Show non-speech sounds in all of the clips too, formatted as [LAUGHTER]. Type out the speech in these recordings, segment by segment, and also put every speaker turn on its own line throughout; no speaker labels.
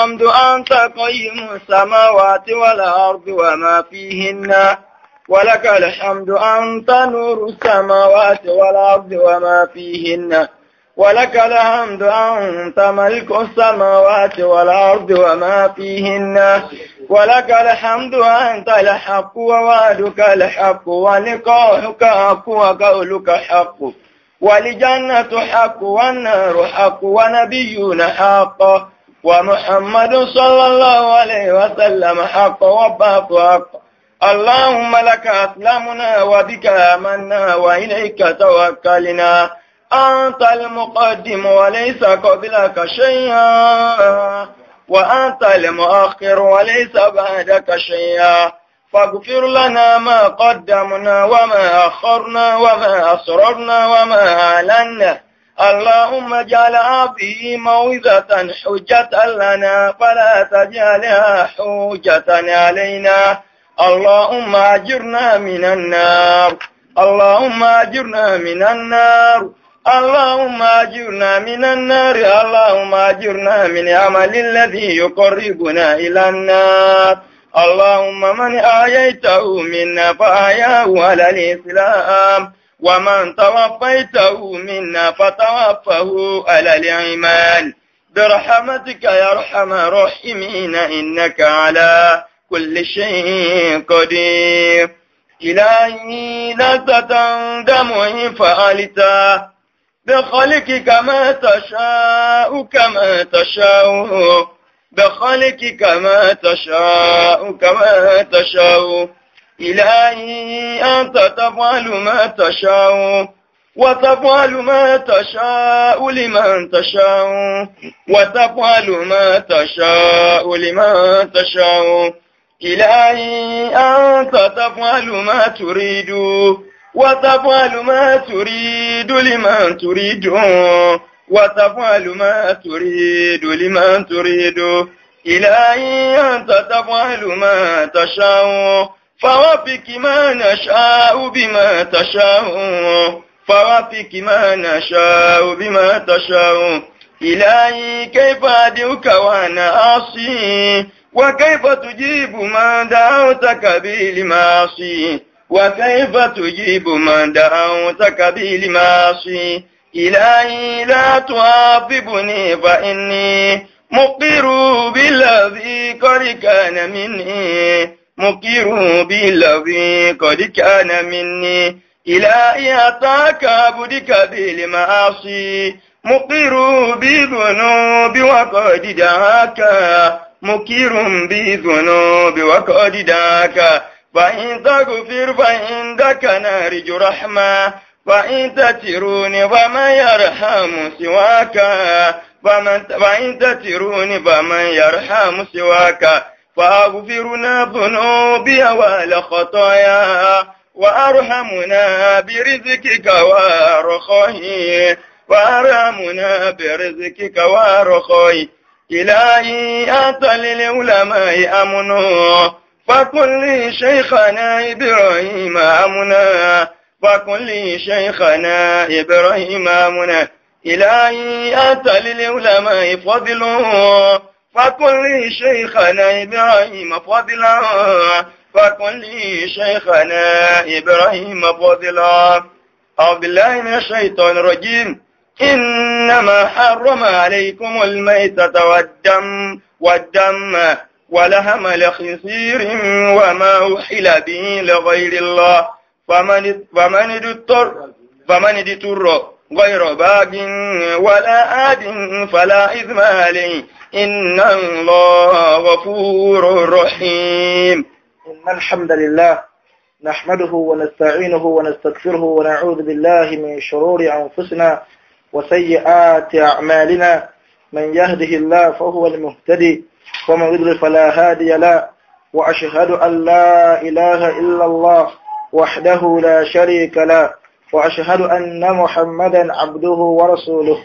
الحمد أنت قيم السماوات والأرض وما فيهن ولك الحمد أنت نور السماوات والأرض وما فيهن ولك الحمد أنت ملك السماوات والأرض وما فيهن ولك الحمد أنت الحق ووعدك الحق ولقاؤك حق وقولك حق ولجنة حق والنار حق ونبينا حق ومحمد صلى الله عليه وسلم حق وباط حق اللهم لك أسلمنا وبك آمنا وإليك توكلنا أنت المقدم وليس قبلك شيئا وأنت المؤخر وليس بعدك شيئا فاغفر لنا ما قدمنا وما أخرنا وما أسررنا وما أعلنا اللهم اجعل به موعظة حجة لنا فلا تجعلها حجة علينا اللهم اجرنا من النار اللهم اجرنا من النار اللهم اجرنا من النار اللهم اجرنا من عمل الذي يقربنا إلى النار اللهم من آييته منا فآياه على الإسلام ومن توفيته منا فتوفه على الإيمان برحمتك يا أرحم الراحمين إنك على كل شيء قدير إلهي لا تتندم إن فعلت بخلقك ما تشاء كما تشاء بخلقك ما تشاء كما تشاء إلهي أنت تفعل ما تشاء وتفعل ما تشاء لمن تشاء وتفعل ما تشاء لمن تشاء إلهي أنت تفعل ما تريد وتفعل ما تريد لمن تريد وتفعل ما تريد لمن تريد إلهي أنت تفعل ما تشاء فربك ما نشاء بما تشاء فربك ما نشاء بما تشاء إلهي كيف أدعوك وأنا عصي وكيف تجيب ما دعوتك به لمعصي وكيف تجيب ما دعوتك به لمعصي إلهي لا تعاقبني فإني مقر بالذي قد كان مني مقر بالذي قد كان مني إلهي أتاك عبدك بالمعاصي مقر بالذنوب وقد دعاك مقر بالذنوب وقد دعاك فإن تغفر فإنك نارج رحمة فإن تتروني فمن يرحم سواك فإن تتروني فمن يرحم سواك فاغفرنا ذنوبها والخطايا وارحمنا برزقك وارخي وارحمنا برزقك وارخي إلهي أعطى للعلماء أمنا فكن لي شيخنا إبراهيم أمنا فكن لي شيخنا إبراهيم أمنا إلهي أعطى للعلماء فضله فقل لي شيخنا إبراهيم فضلا فقل لي شيخنا إبراهيم فضلا أعوذ بالله من الشيطان الرجيم إنما حرم عليكم الميتة والدم والدم ولهم لخسير وما أحل به لغير الله فمن فمن اضطر فمن اضطر غير باب ولا آد فلا إثم عليه إن الله غفور رحيم إن الحمد لله
نحمده ونستعينه ونستغفره ونعوذ بالله من شرور أنفسنا وسيئات أعمالنا من يهده الله فهو المهتدي ومن يضلل فلا هادي له وأشهد أن لا إله إلا الله وحده لا شريك له وأشهد أن محمدا عبده ورسوله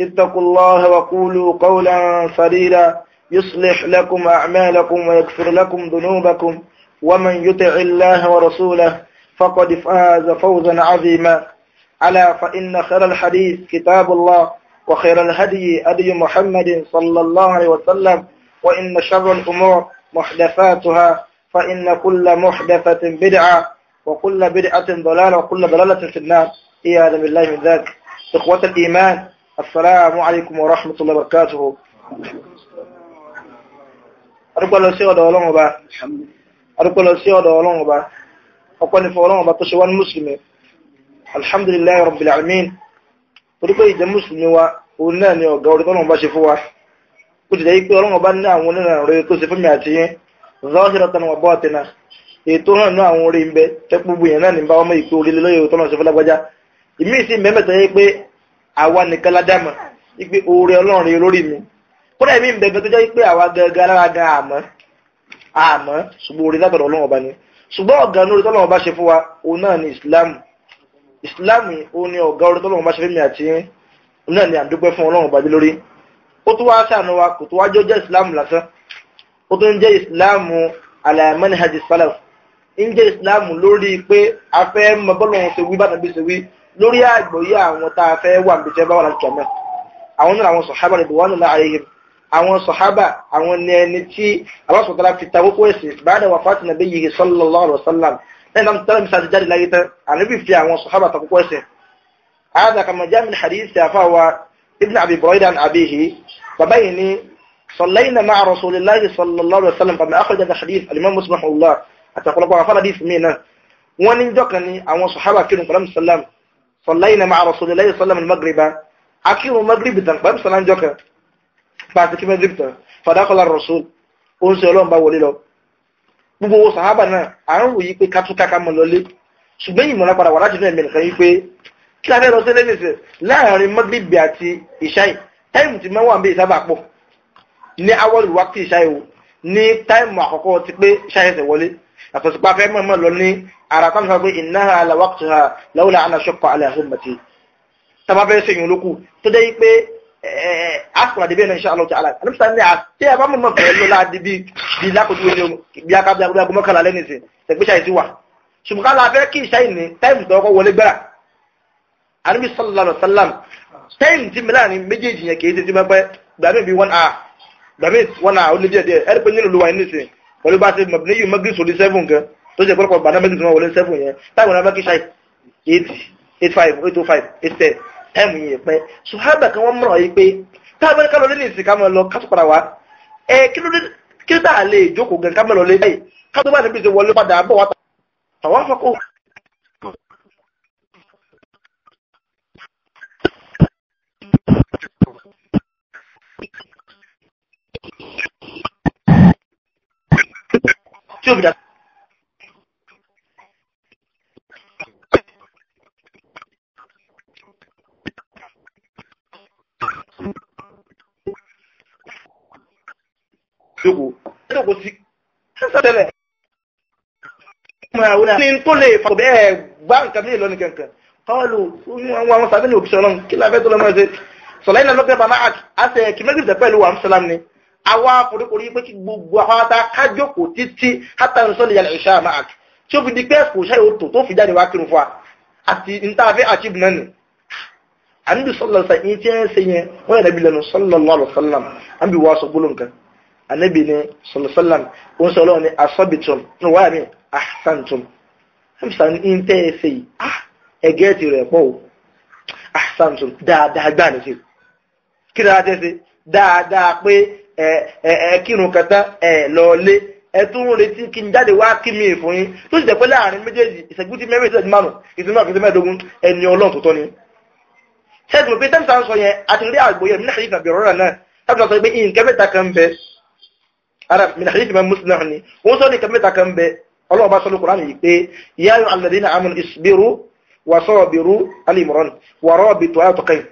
اتقوا الله وقولوا قولا سديدا يصلح لكم أعمالكم ويغفر لكم ذنوبكم ومن يطع الله ورسوله فقد فاز فوزا عظيما ألا فإن خير الحديث كتاب الله وخير الهدي هدي محمد صلى الله عليه وسلم وإن شر الأمور محدثاتها فإن كل محدثة بدعة وكل بدعة ضلالة وكل ضلالة في النار إياذا بالله من ذلك إخوة الإيمان السلام عليكم ورحمة الله وبركاته arúgbó lọ sí ọ̀dọ̀ ọlọ́run ọba arúgbó lọ sí ọ̀dọ̀ ọlọ́run ọba ọpẹ́ ni fún ọlọ́run ọba tó ṣe wá ní mùsùlùmí alhamdulilayi rabbil alamin torí pé ìjẹ́ mùsùlùmí wa òun náà ni ọ̀gá orí tọ́lọ́run bá ṣe fún wa ó ti dẹ́yí pé ọlọ́run ọba ní àwọn onírànà rẹ tó ṣe fún mi àti yín zahiratan wa batina ètò náà ní àwọn orí ń bẹ tẹ́pọ̀ gbìyànjú náà ní bá ọmọ ìpè orílẹ̀ lọ́yẹ̀ tó náà ṣe fún àwa nìkan ládàmà wípé oore ọlọ́run lórí mi kódà èmi ìbẹ̀gbẹ̀ tó jẹ́ pé àwa gangan lára gan àmọ́ àmọ́ ṣùgbọ́n oore lábẹ̀rẹ̀ ọlọ́run ọba ni ṣùgbọ́n ọ̀gá orí tọ́lọ́run ọba ṣe fún wa òun náà ni ìsìláàmù ìsìláàmù òun ni ọ̀gá orí tọ́lọ́run ọba ṣe fún mi àti òun náà ni àdúpẹ́ fún ọlọ́run ọba lórí ó tún wá ṣàánú wa kò tó wá jọ jẹ́ ìsìláàmù lásán ó tún jẹ́ ìsìláàmù ala manhaj salaf ń jẹ́ ìsìláàmù lórí pé afẹ́ mọ bọ́lọ́run ṣe wí bá tàbí ṣe wí lórí àgbòyí àwọn tá fẹ́ wà níbi jẹba wà láti kẹmẹ àwọn náà àwọn sọ̀hábà níbi wọn náà ayé yìí àwọn sọ̀hábà àwọn ní ẹni tí alásọ̀tara fi ta kókó ẹ̀sìn báyìí wà fásitì nàbí yìí sallallahu alaihi lẹ́yìn náà tẹ́lẹ̀ mísà jáde láyé tán àníbi fi àwọn sọ̀hábà ta kókó ẹ̀sìn. هذا كما جاء من حديث فهو ابن أبي بريدة عن أبيه فبين صلينا مع رسول الله صلى الله عليه وسلم فما أخرج هذا الحديث الإمام مسلم الله أتقول لكم أفعل حديث مين ونجدك أن أمو صحابة كيرون صلى الله عليه وسلم صلينا مع رسول الله صلى الله عليه وسلم المغرب اكيد المغرب تن بام سلام جوكا بعد كده المغرب تن فدخل الرسول اون سي اولون با ولي لو gbogbo sàhábà náà à ń wòye pé kátúkà ká mọ lọlé ṣùgbọ́n ìmọ̀ràn padà wà láti inú ẹ̀mí nìkan yìí pé kí la fẹ́ lọ sí lẹ́nìí láàrin mọ́gbìbì àti ìṣáì táìmù ti mẹ́wàá ń bẹ ìsábà pọ̀ ní awọ́lùwákì ìṣáì o ní táìmù àkọ́kọ́ ti pé ìṣáì ẹ̀sẹ̀ wọlé yàtọ̀ sí pa fẹ́ mọ̀mọ́ lọ ní ara kan sọ pé innaha ala waqtiha lawla an ashqa ala ummati tàbá fẹ́ sẹ́yìn olókù tó dé pé asùn àdébẹ́ náà insha Allah ta'ala alùpùpù ní àti ẹ̀bá mọ̀mọ́ fẹ́ lọ láti bí lákòókò ní bí akábí agbó mọ́kànlá lẹ́nu ìsìn tẹ̀gbéṣà ìsìn wà ṣùgbọ́n ká láfẹ́ kí ìṣá ìní táìmù tó wọlé gbára Ànábì sallallahu alaihi táìmù tí mi láàrin méjèèjì yẹn kì í ti ti mẹ́pẹ́ gbàmí bí one hour gbàmí one hour ó lé díẹ̀ díẹ̀ ẹ̀rí pẹ̀lú bá ti mọ̀bí níyù mọ́gí sórí seven gan tó jẹ́ pọ́lọpọ̀ bàná mọ́gí sórí wọlé seven yẹn táwọn náà mọ́gí ṣáì eight eight five eight oh five eight ten time yìí pẹ́ so hábà kan wọ́n mọ̀ràn yìí pé táwọn ká lọ lé ní ìsìn ká mọ̀ lọ ká tó padà wá ẹ kí ló dé tá a lè jókòó gan ká mọ̀ lọ lé báyìí ká tó bá níbi ìṣe wọlé padà bọ̀ wá tàwọn afọ́kọ́ tí ó fi dà jókòó jókòó sí sẹ́sẹ̀tẹ̀lẹ̀ ní tó lè fàkọ̀ bẹ́ẹ̀ gbá nǹkan ní ìlọ́nì kankan kọ́ọ̀lù àwọn àwọn sàbẹ̀ ní òkìṣẹ́ ọlọ́run kí lábẹ́ tó lọ́mọ́ ṣe sọ̀lá iná lọ́pẹ́ bàmá àti àṣẹ kìmẹ́gìrì tẹ̀ pẹ̀lú wàmúsálàm ni àwa àforíkorí pé kí gbogbo àwọn ata kájókòó titi hata ń sọ́lẹ̀ yàrá ìṣá máa kì tí fi di pé ẹ̀sùn òṣèré òtò to fi jáde wá kírun fún Ati àti ntàfẹ́ àti ni. àníbi sọ́lọ̀ sàn yín tí ẹ̀ ń ṣe yẹn wọ́n yẹn nàbí sallallahu alaihi wasallam àbí wọ́n aṣọ gbólóhùn kan ànábì ni sọlọ́sọ́làm ó ń sọ ọlọ́run ní asọ́bìtùm ní wàá mi àṣàǹtùm ẹ̀mísàn ní tẹ́ ẹ ṣe yìí e ti rẹ̀ pọ̀ o àṣàǹtùm dáadáa gbà ní sí kí ẹ̀ẹ́kírun kẹta ẹ̀ lọ́ọ́lé ẹ tún ń retí kí n jáde wá kí mi fún yín tó sì jẹ́ pé láàrin méjèèjì ìṣẹ́jú tí mẹ́rin ìṣẹ́jú márùn ìṣẹ́jú márùn ìṣẹ́jú mẹ́ẹ̀ẹ́dógún ẹni ọlọ́run tó tọ́ ni. ṣẹ́gun pé tẹ́ǹtà ń sọ yẹn àti rí àgbòyẹ mílíọ̀nù ìgbà bẹ̀rọ̀ rẹ̀ náà tábìlì sọ pé nǹkan mẹ́ta kan bẹ ara mílíọ̀nù ìgbà mùsùlùmí ni wọ́n sọ nǹkan mẹ́ta kan bẹ ọlọ́run bá sọ lóko ránì yìí pé yā ayyuhā alladhīna āmanū isbirū wa ṣābirū Àlì Imrān wa rābiṭū àyátọ̀ kẹ́yìn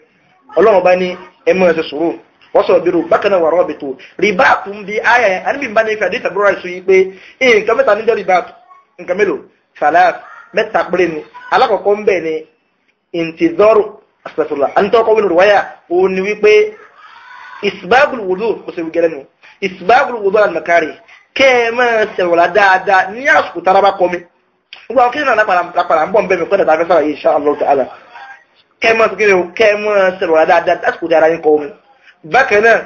ọlọ́run bá ní ẹ máa ṣe sùúrù wasabiru bákan náà wàrọ̀ bìtò rìbáàtù ń bi ayà yẹn àníbi ìbá ní ife àdé ìtàgbọ́ra ìṣó yìí pé nǹkan mẹ́ta níjọ́ rìbáàtù nǹkan mélòó salat mẹ́ta péré ni alákọ̀ọ́kọ́ ń bẹ̀ ni intizọ́rù asàtúlà ànitọ́kọ́ wínú rìwáyà òun ni wípé ìsìbáàbùl wùdú kò sì gẹ́lẹ́ nu ìsìbáàbùl wùdú àlùmọ̀kárì kẹ́ ẹ máa ṣẹ̀wọ̀lá dáadáa ní àsìkò taraba kọ́mi gbogbo àwọn kíni náà lápàlà ń bọ̀ ń bẹ̀ mí pẹ́ tàbí sára yìí insha Allah ta'ala bákan náà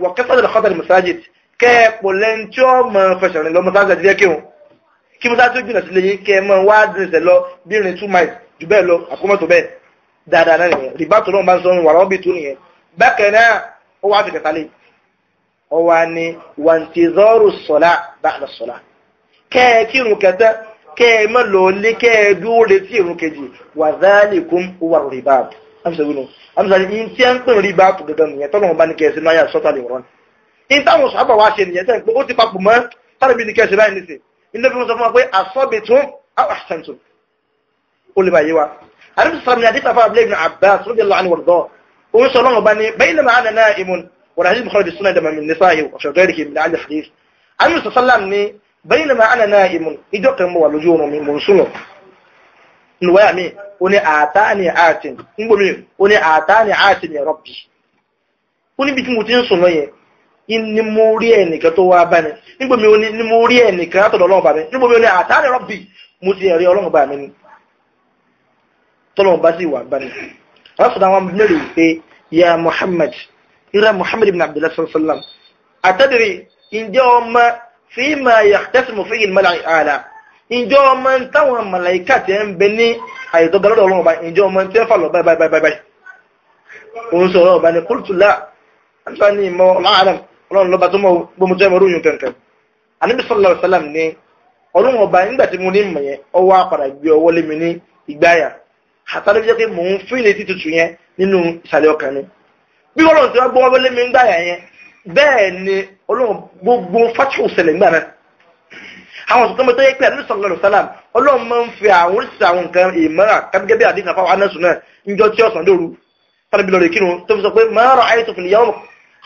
wọ́n kẹ́sàn-án lè kọ́tà ní masajid kẹ́ẹ̀pọ̀ lẹ́ni tí ó mọ̀ fẹsẹ̀rìn lọ masajid àti jẹ́ kí wọn kí masajid ó jìnà sílé yìí kẹ́ ẹ mọ̀ wá dìrìsẹ̀ lọ bí irin two miles jù bẹ́ẹ̀ lọ àkómọ́tò bẹ́ẹ̀ dáadáa náà nìyẹn rìbá tó náà bá ń sọ wàrà ọ́bì tó nìyẹn bákan náà ó wá fi kẹta lé ọ wá ní wàǹtìzọ́rù sọ̀lá báàlà sọ̀lá kẹ́ẹ̀kí irun kẹta kẹ́ẹ̀ mọ̀ lọ́ọ́lé kẹ́ẹ̀ dúró retí irun kejì wàzálìkún wà rìbá amsagulo amsagulo yìí tí a ń pèrò rí bá kù gẹ́gẹ́ nìyẹn tọ́lọ́ wọn bá ní kẹ́sì náà yà sọ́tà lè wọ́n. ní táwọn sábà wá ṣe nìyẹn sẹ́yìn pé ó ti papò mọ́ tábìlì ní kẹ́sì báyìí nìsín ilé fi mọ́ sọ fún wa pé àsọ́bì tún àwọn àṣàn tún ó lè bá yé wa. àdébí sàmì àdìsá fún abúlé ibn Abbas rọ́bì lọ́wọ́ àni wọ̀rọ̀dọ́ òun sọ lọ́wọ́ bá ní bẹ́yìn náà àná náà imun wọ̀rọ̀ àdìsí mọ̀kànlá bisunna dama min nisa yìí ọ̀ṣọ́ dọ́rì kì í min alẹ́ hadith. àdìsí sàlám ní bẹ́yìn náà àná náà imun ìjọ kan mọ̀ wà lójú oorun mi mò ń sùn lọ nuwaya mi ó ní àtàní àtìn ngbòmí ó ní àtàní àtìn ya Rabbi ó níbi tí mo ti ń sùn lọ yẹn ní mo rí ẹnìkan tó wá bá mi nígbòmí ó ní mo rí ẹnìkan látọ̀dọ̀ ọlọ́run bá mi nígbòmí ó ní àtàní Rabbi mo ti rí ọlọ́run bá mi ni tọ́lọ́run bá sì wà bá mi rásùdá wọn mẹ́rin pé ya Muhammad ira Muhammad ibn Abdullah sallallahu alaihi wasallam àtẹ́bìrì ǹjẹ́ ọmọ fíìmà yàtẹ́sìmù fíìmà àlà ǹjọ́ ọmọ ntawọn màláìkà tí ẹ ń bẹ ní àyètọ́gbà lọ́dọ̀ ọlọ́run ọba ǹjọ́ ọmọ tí ẹ fà lọ báyìí báyìí báyìí òun sọ̀rọ̀ ọba ní kúrùtùlá àtúwà ní ìmọ̀ kankan sọlá ọ̀sálàm nígbà tí mo ní mọ̀ yẹn ọwọ́ ọwọ́ lé mi ní ìgbáyà àwọn sọ̀tọ́ mọ́tọ́ yẹ pé àdúrà sọ̀rọ̀ lọ́rọ̀ sálàm ọlọ́run máa ń fi àwọn oríṣi àwọn nǹkan ìmọ̀ràn kábígẹ́bí àdéhùn àfáwọn anásùn náà níjọ tí ọ̀sán lóru tàbí lọ́rọ̀ ìkírun tó fi sọ pé máa rọ àyè tó fi nìyàwó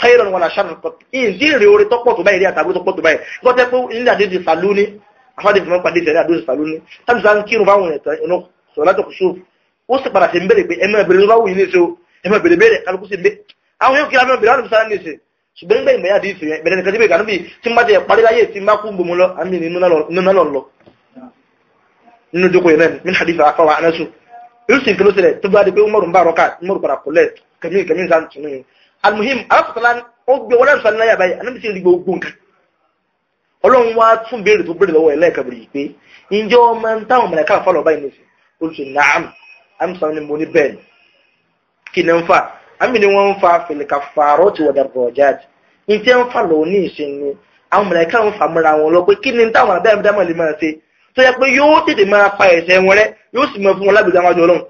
khayran wala sharran qat ìdí ìrè orí tọ́pọ̀ tó báyìí rí àtàbí tọ́pọ̀ tó báyìí gọ́tẹ́ pé nílẹ̀ àdéhùn sàlúni afáde fún pàdé ìṣẹ̀lẹ̀ àdéhùn ṣùgbọ́n gbẹ̀yìn bẹ̀yà dìísì yẹn bẹ̀rẹ̀ nìkan tí bẹ̀rẹ̀ kànúbì tí má jẹ́ parí láyé tí má kú gbòmù lọ àmì nínú náà lọ nínú jókòó yẹn náà min hadith afọwà anásù irú sì nkìló sílẹ̀ tó bá di pé umaru ń bá rọ́kà umaru padà kò kẹmí kẹmí nǹkan tún nìyẹn almuhim aláfàtàlá ó gbé wọlé nsọ nílẹ̀ yàbá yìí anábìsí rí gbogbo nǹkan ọlọ́run wá tún béèrè tó béèrè lọ́wọ́ ẹ̀ lẹ́ẹ̀kabiri yìí pé ǹjẹ́ ọmọ ń táwọn mọ̀lẹ́ká àfa lọ́ọ́ báyìí nìyẹn olùsọ naam amsa ni mo ní bẹ́ẹ̀ kí ni ń fa àmì ni wọ́n ń fa fìlìkà fàárọ̀ ti wọ̀ dàrọ̀ jáde ní tí wọ́n fà lọ́wọ́ ní ìṣin ni àwọn mọ̀lẹ́kà ń fà mọ́ra wọn lọ pé kí ni táwọn àbẹ́rẹ́dámọ̀ lè máa ṣe tó yẹ pé yóò tètè máa pa ẹ̀ṣẹ̀ wọn rẹ́ yóò sì mọ fún wọn lágbègbè àwọn àjọ ọlọ́run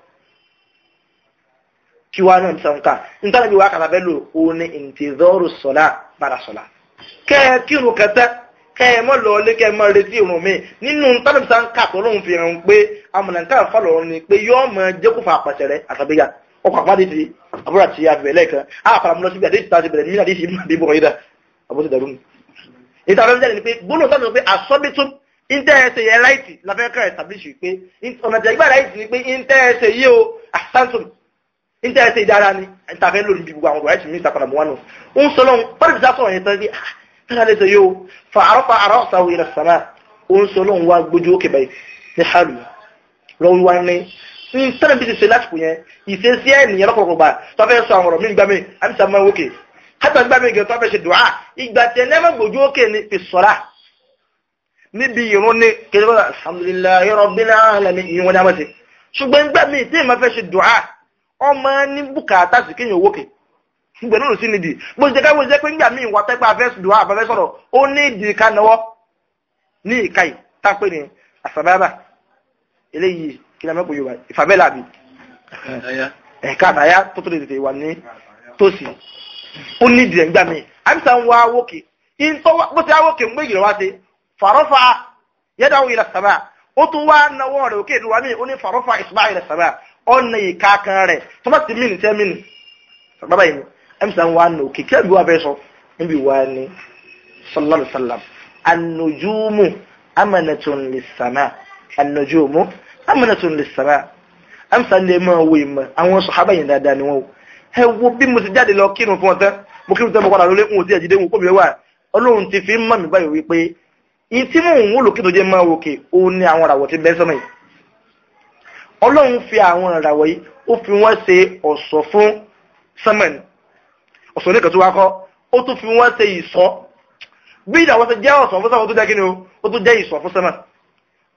kí wá náà sàn ká nítorí bí wàá kàtàfẹ́ lò ó ní ìǹtìzọ́rù sọ̀lá padà sọ̀lá kẹ́ ẹ kírun kẹtẹ́ kẹ́ ẹ mọ́ lọ ilé kẹ́ ẹ mọ́ retí ìrùn mi nínú nítorí sàn ká tó lóun fi hàn pé amọ̀nàká fọlọ́ ni pé yóò mọ jẹ́kùfà àpàṣẹ rẹ àtàbíyà ọkọ̀ àbúrò àti àbẹ̀rẹ̀ lẹ́ẹ̀kan á fara mọ́ síbi àdéhìí tàbí bẹ̀rẹ̀ nígbà àdéhìí ìbùnà bíbọ̀ yìí dà àbúrò ti dàrú mi. ìta ọ̀rọ̀ ìjẹ́lẹ̀ ni pé gbóló sọ́nà pé àsọ́bítún íńtẹ́ẹ̀sẹ̀ yẹ láìtì láfẹ́ kẹrẹ̀ tàbíṣì pé ọ̀nà ìjẹ́gbà láìtì ni pé íńtẹ́ẹ̀sẹ̀ yìí o àsántùm íńtẹ́ẹ̀sẹ̀ ìdára ni ìtàfẹ́ lórí bí gbogbo àwọn ọ̀rọ̀ ẹ̀sìn mi ìtàkùnà mọ́ wánu. ń sọ lọ́hùn pẹ́rẹ́ ti sásọ̀rọ̀ yẹn tán bí kíkà lè sọ o fa àrọ́pà àrọ́sàwò ìrẹsàmà ń sọ lọ́hùn wá gbójú òkè báyìí ní hàlù lọ́wọ́ wá sí sẹ́nẹ̀bí ti ṣe lásìkò yẹn ìṣesí ẹ̀nìyàn lọ́pọ̀lọpọ̀ gbà tó fẹ́ sọ àwọn ọ̀rọ̀ mí gbà mí àbísà máa wókè hátà gbà mí gẹ̀ tó fẹ́ ṣe dùá ìgbà tí ẹni ẹ̀mọ́ gbòjú òkè ni fi sọ́ra níbi ìrún ni kejì bá alhamdulillahi rabbil alamin ìyẹn wọn ni a máa ṣe ṣùgbọ́n gbà mí tí èèmọ̀ fẹ́ ṣe dùá ọmọ ní bùkátà sí kéèyàn wókè gbẹ̀rún ló sì kí ni a mẹ́kọ̀ọ́ yorùbá ìfàbẹ́là bi ẹ̀ka àbáyá tó tó lè tètè wà ní tòsí ó ní ìdìrẹ̀ ń gbà mí àbísà ń wá wókè bó ti wókè ń gbé ìrọ̀ wá sí farofa yẹ́dá òun ìlà sàmà ó tún wá náwó rẹ̀ òkè ìdúrà mí ó ní farofa ìsìmá ìlà sàmà ọ̀nà ìka kan rẹ̀ tó ti mí ní mí ní bàbá yìí àbísà ń wá nà òkè kí ẹ̀bí wà bẹ́ẹ̀ sọ níbi wà ní sallallahu alaihi wasallam amanatun lis-sama amúnatún lè sàrà amsa lè máa wo ìmọ̀ àwọn sọ̀hábà yẹn dáadáa ni wọ́n o ẹ wo bí mo ti jáde lọ kírun fún ọ tán mo kírun tán mo padà lólé kún òtí ẹ̀jídé wọn kó mi wà ọlọ́run ti fi ń mọ̀ mí báyìí wípé ìyí tí mò ń wò lókè tó jẹ́ máa wòkè ó ní àwọn ràwọ̀ tí bẹ́ sọ́mọ̀ yìí ọlọ́run fi àwọn ràwọ̀ yìí ó fi wọ́n ṣe ọ̀ṣọ́ fún sọ́mọ̀nì ọ̀ṣọ́ oníkan tó ó tún fi wọ́n ṣe ìṣọ́ bí ìdàwọ́ jẹ́ ọ̀ṣọ́ fún sọ́mọ̀ tó jẹ́ kí ni ó tún jẹ́ ìṣọ́ fún sọ́mọ̀nì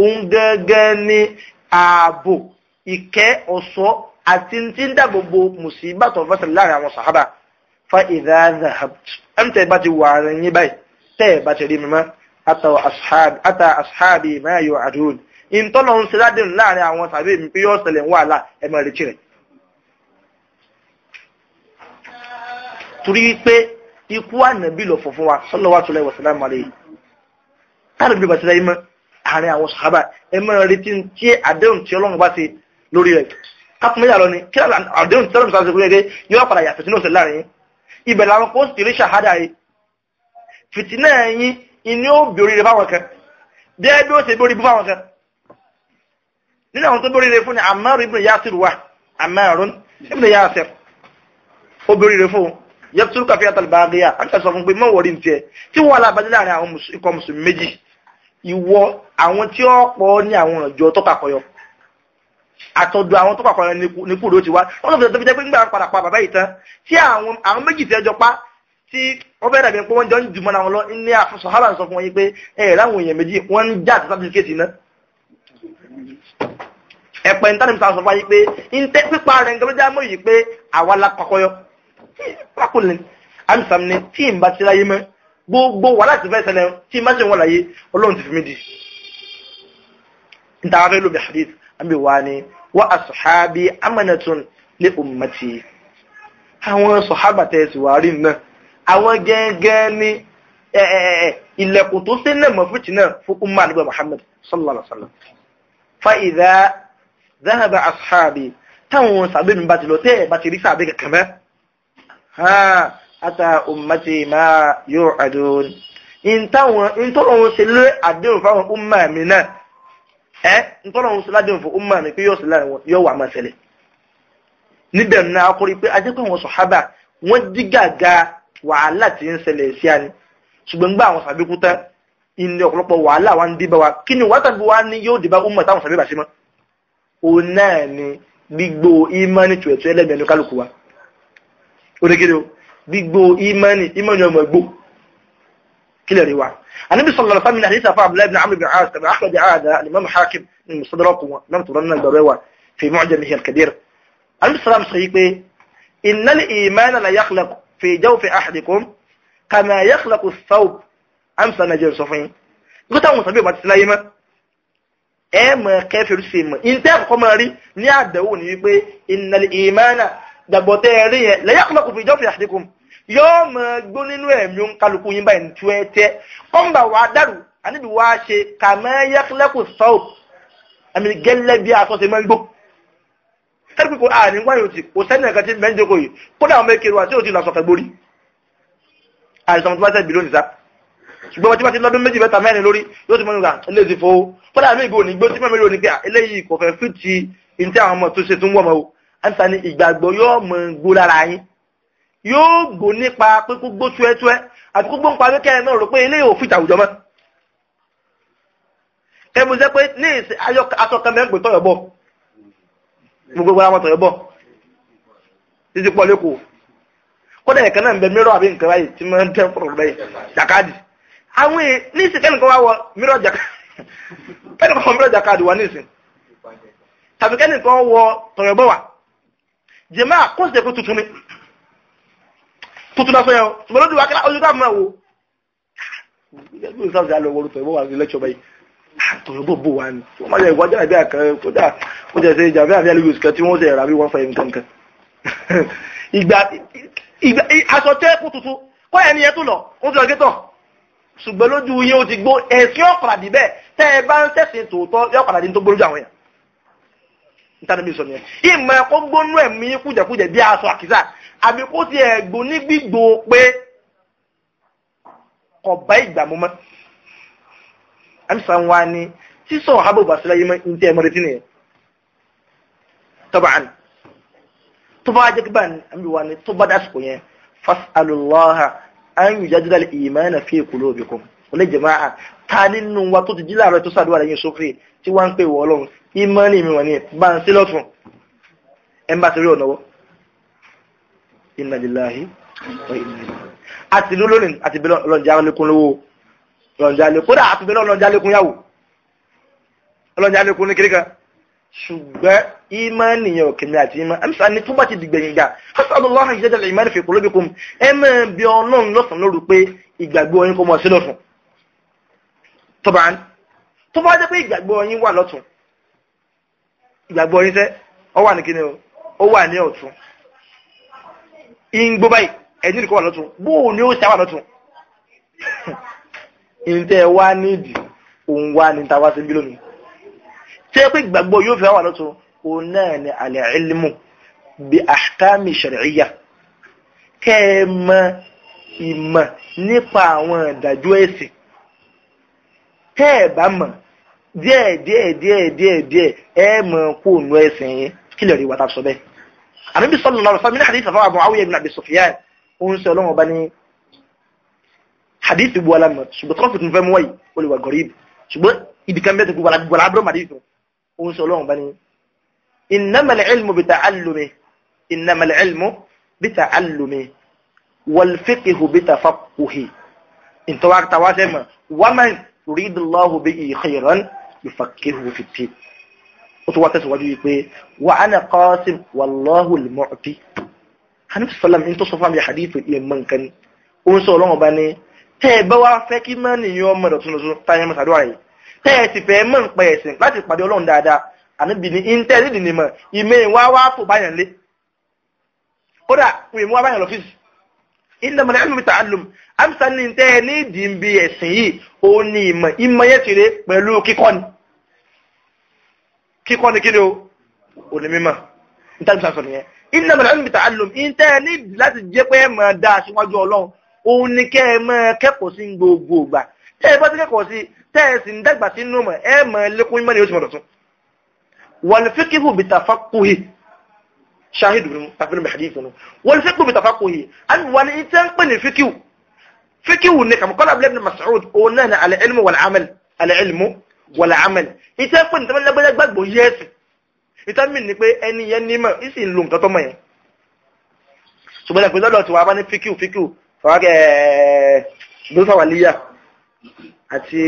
òun gẹ́gẹ́ ní ààbò ìkẹ́ ọ̀ṣọ́ àti tí ń dáàbò bo mùsíbà tó fẹsẹ̀ láàrin àwọn sàhábà fa idha dhahabt ẹni tẹ́ bá ti wà rìn yín báyìí tẹ́ bá ti rí mi mọ́ ata ashabi ma yu'adun ìtọ́nà ń ṣe ládìrún láàrin àwọn tàbí èmi pé yóò ṣẹlẹ̀ ń wà láà ẹ̀mọ́ rẹ̀ tirẹ̀. torí pé ikú ànàbí lọ fọ̀ fún wa sallallahu alaihi wa sallam ààrẹ àwọn sàhábà ẹ mẹ́rin retí tí àdéhùn tí ọlọ́run bá ṣe lórí rẹ̀ kápẹ́mẹ́yà lọ ni kí àdéhùn tí ọlọ́run sáà ṣe fún yẹn yóò padà yàtọ̀ sínú ọ̀sẹ̀ láàrin ibẹ̀ làwọn kò sì rí ṣàhádà yìí fìtínà yín iní ó bí oríire fáwọn kan bí ẹbí ó ṣe bí oríire fáwọn kan nínú àwọn tó bí oríire fún ni Ammar ibn Yasir wà Ammarun ibn Yasir ó bí oríire fún yẹtùrú kàfíà tàlbàgìyà ìwọ àwọn tí ó pọ̀ ní àwọn ìjọ tó pàkọyọ àtọ̀dọ̀ àwọn tó pàkọyọ ní kúrò ti wá wọ́n lọ́pọ̀ tó fi jẹ́ pé nígbà padà pa bàbá ìtàn tí àwọn méjì tí ẹjọ́ pa tí wọ́n fẹ́ dàbí pé wọ́n jọ ń jùmọ́ àwọn lọ ní àfọ̀sọ̀ hálà sọ fún wọn yí pé ẹ̀ láwọn èèyàn méjì wọ́n ń já àti sábìlì kéèsì náà ẹ̀pẹ̀ ní tánìmù sọ fún yí pé ìntẹ́ pípa rẹ̀ nǹkan ló já mọ́ yìí pé àwa la pàkọyọ pákó ni àmì sàmì ni tí ì gbogbo wà láti fẹ́ ṣẹlẹ̀ tí má ṣe wọn láyé ọlọ́run ti fi mí di ìtawà fẹ́ lóbi hadith àbí wa ni wa ashabi amanatun li ummati àwọn sọ̀hábà tẹ̀sí wà rí náà àwọn gẹ́gẹ́ ní ilẹ̀kùn tó sí náà mọ̀fútì náà fún umma nígbà muhammad sallallahu alaihi wasallam fa idha dhahaba ashabi táwọn sàbẹ̀ bá ti lọ tẹ́ ẹ̀ bá ti rí sàbẹ̀ kẹ̀kẹ́ mẹ́ ata ummati ma yu'adun intawon intolorun ṣe lé àdéhùn fáwọn umma mi náà eh intolorun ṣe ládéhùn fún umma mi pé yo ṣe láàrin wọn yo wá máa ṣẹlẹ̀ níbẹ̀ náà akori pé a jẹ́ pé sahaba wọn digaga wàhálà tí ń ṣẹlẹ̀ ani ṣùgbọ́n gba àwọn sabi kuta in ọ̀pọ̀lọpọ̀ wàhálà wa ń dé wa kíni wa tabi wa ni yo dé bá umma tawon sabi ba se mo o ni gbigbo imani tuẹtuẹ lẹ́gbẹ̀ẹ́ ní kálukú wa oníkiri o gbígbó imani imani ọmọ ẹgbó kílẹ̀ rí wa anabi sallallahu alaihi wasallam hadith afa abdullahi ibn amr ibn aas tabi ahmad ní mọ́mọ́ hakim ní min musadrak wa imam turan al barawa fi mu'jamihi al kabir anabi sallam sọ yìí pé innal imana la yàkùlẹ̀ fi jawfi ahadikum kama yakhlaq kù thawb amsa na jẹ́ sọ fún yín nígbà táwọn sàbí ọba ti sílá yìí mọ́ ẹ mọ̀ kẹfì kẹfìrí sí mọ̀ ìtẹ́ àkọ́kọ́ máa rí ní àdẹ̀wò ní wípé innal imana gbàgbọ́ tẹ́ rí yẹn la yakhlaq fi jawfi ahadikum yóò mọ̀ gbó nínú ẹ̀mí kálukú yín báyìí tí wọ́n tẹ́ kọ́ńbà wà á dàrú àníbi wà á ṣe kàmọ́ yẹ́kúlẹ́kù sọ́ọ̀ àmì gẹ́lẹ́ bí aṣọ ṣe máa ń gbó tẹ́lifí kò àní wáyé òtì kò sẹ́ni ẹ̀ka tí ń bẹ́ńjẹ́ kò yìí kódà àwọn mẹ́kẹ́rù àti òtí làṣọ kẹgbórí àìsàn tó bá sẹ́ bìlónì sá ṣùgbọ́n wọn tí wọ́n ti lọ́dún méjì mẹ́ta mẹ́rin lórí yóò ti mọ́ nígbà eléyìí ti fo kódà àmì ìgò nígbó tí mẹ́rin lónìí pé eléyìí kò fẹ́ fìtì ní tí àwọn ọmọ tó ṣe tún mọ́ o àǹtà ni yo gbò nípa pé kó gbó túẹ́túẹ́ àti kó gbó pa pé kẹ́rin náà rò pé ilé òfin ìtàwùjọ mọ́. ẹ mú sẹ́ pé ní ìsìn aṣọ kan mẹ́rin pè bọ gbogbo ara wọn tọ̀yọ̀ bọ̀ títí pọ̀ kódà ẹ̀kan náà ń bẹ àbí nǹkan báyìí tí máa ń fọ̀rọ̀ báyìí jàkáàdì àwọn ní wọ [LAUGHS] jàkáàdì ní wọ tuntun náà fẹ́yàn ṣùgbọ́n lójú wákẹ́lá ojú tá máa wò ó sáà lọ wọlé tọ̀yìnbó wà ní lẹ́kṣọ̀ báyìí tọ̀yìnbó bò wá ní wọ́n máa yẹ ìwà jẹ́ àbí àkàn kódà ó jẹ́ sẹ́yìn jàbí àbí àlejò kan tí wọ́n ṣe rà bí wọ́n fẹ́yìn kankan. ìgbà ìgbà aṣọ tẹ́ kú tuntun kọ́ ẹni yẹn tó lọ ó ti lọ gé tán ṣùgbọ́n lójú yín ó ti gbó ẹ̀sìn ọ̀pàdà dì bẹ́ẹ̀ tẹ́ ẹ bá ń tẹ̀sìn tòótọ́ yọ̀pàdà dì ní tó gbólójú àwọn èèyàn nítorí mi sọ nìyẹn ìmọ̀ ẹ̀kọ́ gbónú ẹ̀mí kújẹkújẹ bí aṣọ àkísà àbí kó ti ẹ̀gbọ́n ní gbígbó pé ọ̀bá ìgbà mú mọ́ amsa wa ni sísọ àbò bàṣẹ́lá yìí máa ń tẹ́ ẹ̀mọ́rẹ́ tí nìyẹn tọ́bàán tó bá jẹ́ gbà ní àmì tó bá dásìkò yẹn fas'alullaha an yujaddida al-imana fi ta nínú wa tó ti jí láàárọ̀ tó sàdúrà inna lillahi wa inna ilaihi àti ìlú lónìí àti ìbílẹ̀ ọlọ́njà lẹ́kún lówó ọlọ́njà lẹ́kún kódà àti ìbílẹ̀ ọlọ́njà lẹ́kún yàwó ọlọ́njà lẹ́kún ní kiri kan ṣùgbọ́n ìmọ̀ nìyẹn òkèmí àti ìmọ̀ ẹ̀mísà ni tó bá ti dìgbẹ̀yìn gbà fasalullah ìjẹ́jẹ́ lè ìmọ̀ ìfẹ́ qulubikum ẹ mọ̀ bí ọlọ́run lọ́sàn lóru pé ìgbàgbọ́ ọyìn kò mọ̀ sí lọ́sùn tọ́ba tó bá jẹ́ pé ìgbàgbọ́ ọyìn wà lọ́tún ìgbàgbọ́ ọyìn tẹ́ ọ wà ní kíni o ó wà ní ọ̀tún ìgbó báyìí ẹ̀dí e nìkan wà lọ́tún bóò ni ó ṣe wà lọ́tún. ìǹtẹ́ wá nídìí òun wá ní ta wá sí bí lónìí. tí ẹ pé ìgbàgbọ́ yóò fẹ́ wà lọ́tún òun náà ni al-ilmu bi ahkami shar'iyya kẹ́ ẹ mọ ìmọ̀ nípa àwọn ìdájọ́ ẹ̀sìn tẹ́ ẹ bá mọ̀ díẹ̀ díẹ̀ díẹ̀ díẹ̀ díẹ̀ ẹ e mọ̀ kó nu ẹ̀sìn yẹn kí lè rí wa sọ bẹ́ẹ̀ ànábì sọ́lọ́ lọ́rọ̀ sọ́mi ní hadith àfọwọ́ àbọ̀ àwòyẹ ibn Abi Sufyan ó ń sọ ọlọ́run ọba ní hadith bu alamọ ṣùgbọ́n tọ́fù tún fẹ́ mú wáyé ó lè wà gọ̀rìb ṣùgbọ́n ibi kan bẹ́ẹ̀ tó wà wà lábúrò màdí fún ó ń sọ ọlọ́run ọba ní innamal ilmu bi ta'allumi innamal ilmu bi ta'allumi wal fiqhu bi tafaqquhi ìtọ́wá tawá sẹ́mọ̀ waman yuridillahu bihi khayran yufaqihuhu fi ó tún wá tẹ̀síwájú yìí pé wà á nà qasim wallahu al-mu'ti hanif salam ní tó sọ fún mi hadith yẹn mọ nǹkan ni ó ń sọ ọlọ́run bá ní tẹ́ ẹ bá wá fẹ́ kí má nìyẹn ọmọ ìdọ̀tún lọ́sọ táyà mọ́ sàdúrà yìí tẹ́ ẹ sì fẹ́ mọ̀ nípa ẹ̀sìn láti pàdé ọlọ́run dáadáa àníbi ní intanet ní mọ̀ ìmẹ̀ ìwá wá tó báyàn lé kódà ìmú wá báyàn lọ́fíìsì ìlànà ìlànà ìta ní tẹ́ ẹ ní ìdí ibi kíkọ́ ni kíni o ò ní mímọ̀ nítorí sàṣọ nìyẹn iná mẹ́ta ń bìtà àlùm ìtẹ́ ní láti jẹ́ pé ẹ máa dá aṣíwájú ọlọ́run òun ni kẹ́ ẹ máa kẹ́kọ̀ọ́ sí gbogbo ìgbà tẹ́ ẹ bá ti kẹ́kọ̀ọ́ sí tẹ́ ẹ sì ń dàgbà sí inú mọ̀ ẹ máa lékún mẹ́rin oṣù mọ̀dọ̀tún wàlùfíkìhù bìtàfàkùhì ṣáhìdù nù tàfínú mẹ́hàdíìfù wàlà amẹ́lì iṣẹ́ pé nìtọ́ lẹ́gbẹ́lẹ́ gbàgbọ́ yẹ́ẹ̀sì ìtàmì ni pé ẹni yẹn nímọ̀ ìsì ń lo nǹkan tọ́mọ̀ yẹn ṣùgbọ́n ẹ̀pẹ́ lọ́dọ̀ tí wàá bá ní fíkìú fíkìú fàwákẹ́ dóṣàwàlíyà eh, àti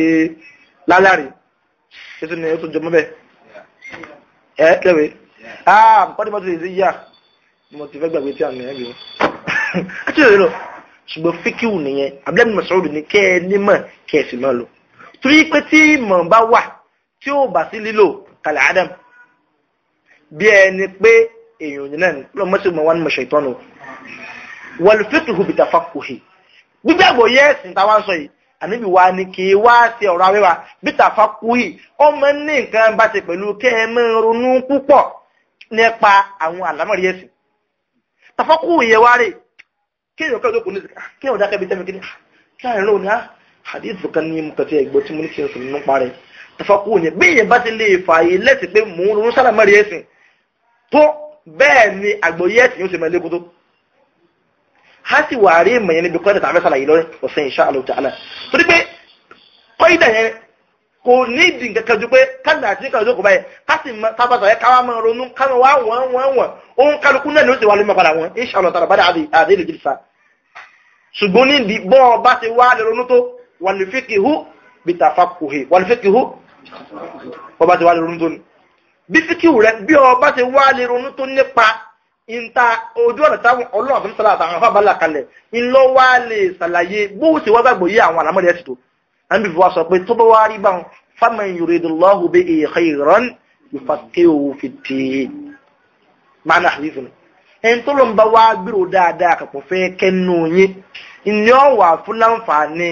lálàrí ṣètò ní oṣù jọmọ bẹ́ẹ̀ ẹ kẹwé ah pọ́dí mọ́tò ìdí yà mo ti fẹ́ gbàgbé tí àmì ẹ̀ gbé àti ìrẹ̀lọ ṣùgbọ́n fíkìú nìyẹn abúlé mi mọ̀ sọ́rọ̀ ní kẹ́ ẹ nímọ̀ torí pé tí ìmọ̀ bá wà tí ó bá sí lílò kàlẹ̀ adam bí ẹni pé èèyàn òyìn náà lọ mọ́sí mọ̀ wọn mọ̀ṣẹ̀ ìtọ́nu wal fiqhu bi tafaqquhi gbígbàgbọ́ yẹ́ ẹ̀sìn táwa ń sọ yìí àníbi wa ni kì í wá sí ọ̀rọ̀ awẹ́wà bi tafaqquhi ọmọ ní nǹkan bá ti pẹ̀lú kẹ́ ẹ mọ́ ronú púpọ̀ nípa àwọn àlámọ̀rí ẹ̀sìn tafaqquhi yẹ wá rè kéèyàn kẹ́ ọ̀dọ́ kò ní kéèyàn dákẹ́ bí tẹ́mi kéèyàn láàrin lónìí ah, hadith kan ní mo kàn ti ẹ̀gbọ́n e tí mo ní kí n sùn nínú parẹ́ tafakú ni bí èèyàn bá ti lè fààyè lẹ́sìn pé mò ń ronú sálàmárì ẹ̀sìn tó bẹ́ẹ̀ ni àgbọ́yé ẹ̀sìn yóò ṣe máa lékún tó a sì wà rí ìmọ̀ yẹn níbi kọ́ńdà tàbí sàlàyé lọ́rẹ́ ọ̀sẹ̀ insha Allah ta'ala torí pé kọ́ńdà yẹn kò ní ìdí nǹkan kan ju pé káńdà àti nǹkan ìjókòó báyẹn ká sì mọ tábàtà yẹn káwá máa ronú káwá wá wọ́n wọ́n òun kálukú náà ni ó sì wà lómi padà wọ́n insha Allah ta'ala bá ṣùgbọ́n ní bọ́ọ̀ bá ti wá lè ronú tó wàlífíkìhù bìtàfàkùhì wàlífíkìhù ọba ti wá lè ronú tó ní bí fíkìhù rẹ bí ọba ti wá lè ronú tó nípa ìta ojú ọ̀nà táwọn ọlọ́run tó ń sọ́lá àtàwọn afọ́ àbálà kalẹ̀ ńlọ wá lè ṣàlàyé bó ti wá gbàgbọ́ yé àwọn àlámọ́lẹ̀ ẹ̀sìn tó àbí fi sọ pé tó bá wá rí báwọn faman yuridullahu bihi khayran yufaqihuhu fid-din mánà àdìsùn ẹni tó ló ń bá wá gbèrò dáadáa kàpọ̀ fẹ́ kẹ́nu yín ìní ọ̀wà fúnláǹfààní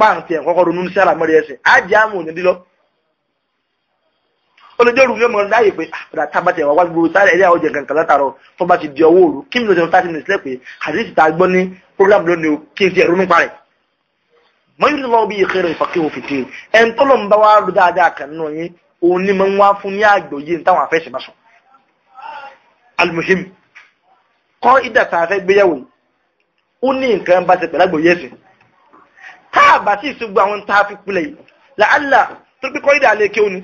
páàntì ẹ̀ kọ́kọ́ ronú sí àlàmọ́rí ẹsẹ̀ ájì àmù òní lílọ. olùjọ́rù ni ó mọ láàyè pé àpàdà ah, tábàtì ẹ̀wà wájú gbogbo sáré ẹ̀rí àwọn jẹ̀ǹkan kan látàrọ tó bá ti di ọwọ́ òru kí mi ló ti fún thirty minutes lẹ́pẹ́ àdéhùn ta gbọ́ ní program lónìí o kí n ti ẹ̀rú nípa rẹ̀. mọ́yìn lọ́wọ́ bí ìkẹrẹ ìfọ̀kẹ́ òfin ti ẹ̀ ń tọ́lọ̀ ń bá wa rú dáadáa kan náà yín òun ni mo ń wá fún ní àgbòye ní táwọn afẹ́sẹ̀ bá sọ. alimuhim kọ́ ìdàtà afẹ́ gbéyàwó ó ní nǹkan bá ti pẹ̀lú àgbòye ẹ̀sìn tá a bá sì ṣùgbọ́n àwọn tá a fi pilẹ̀ yìí làálà tó pé kọ́rídà lè kí ó ni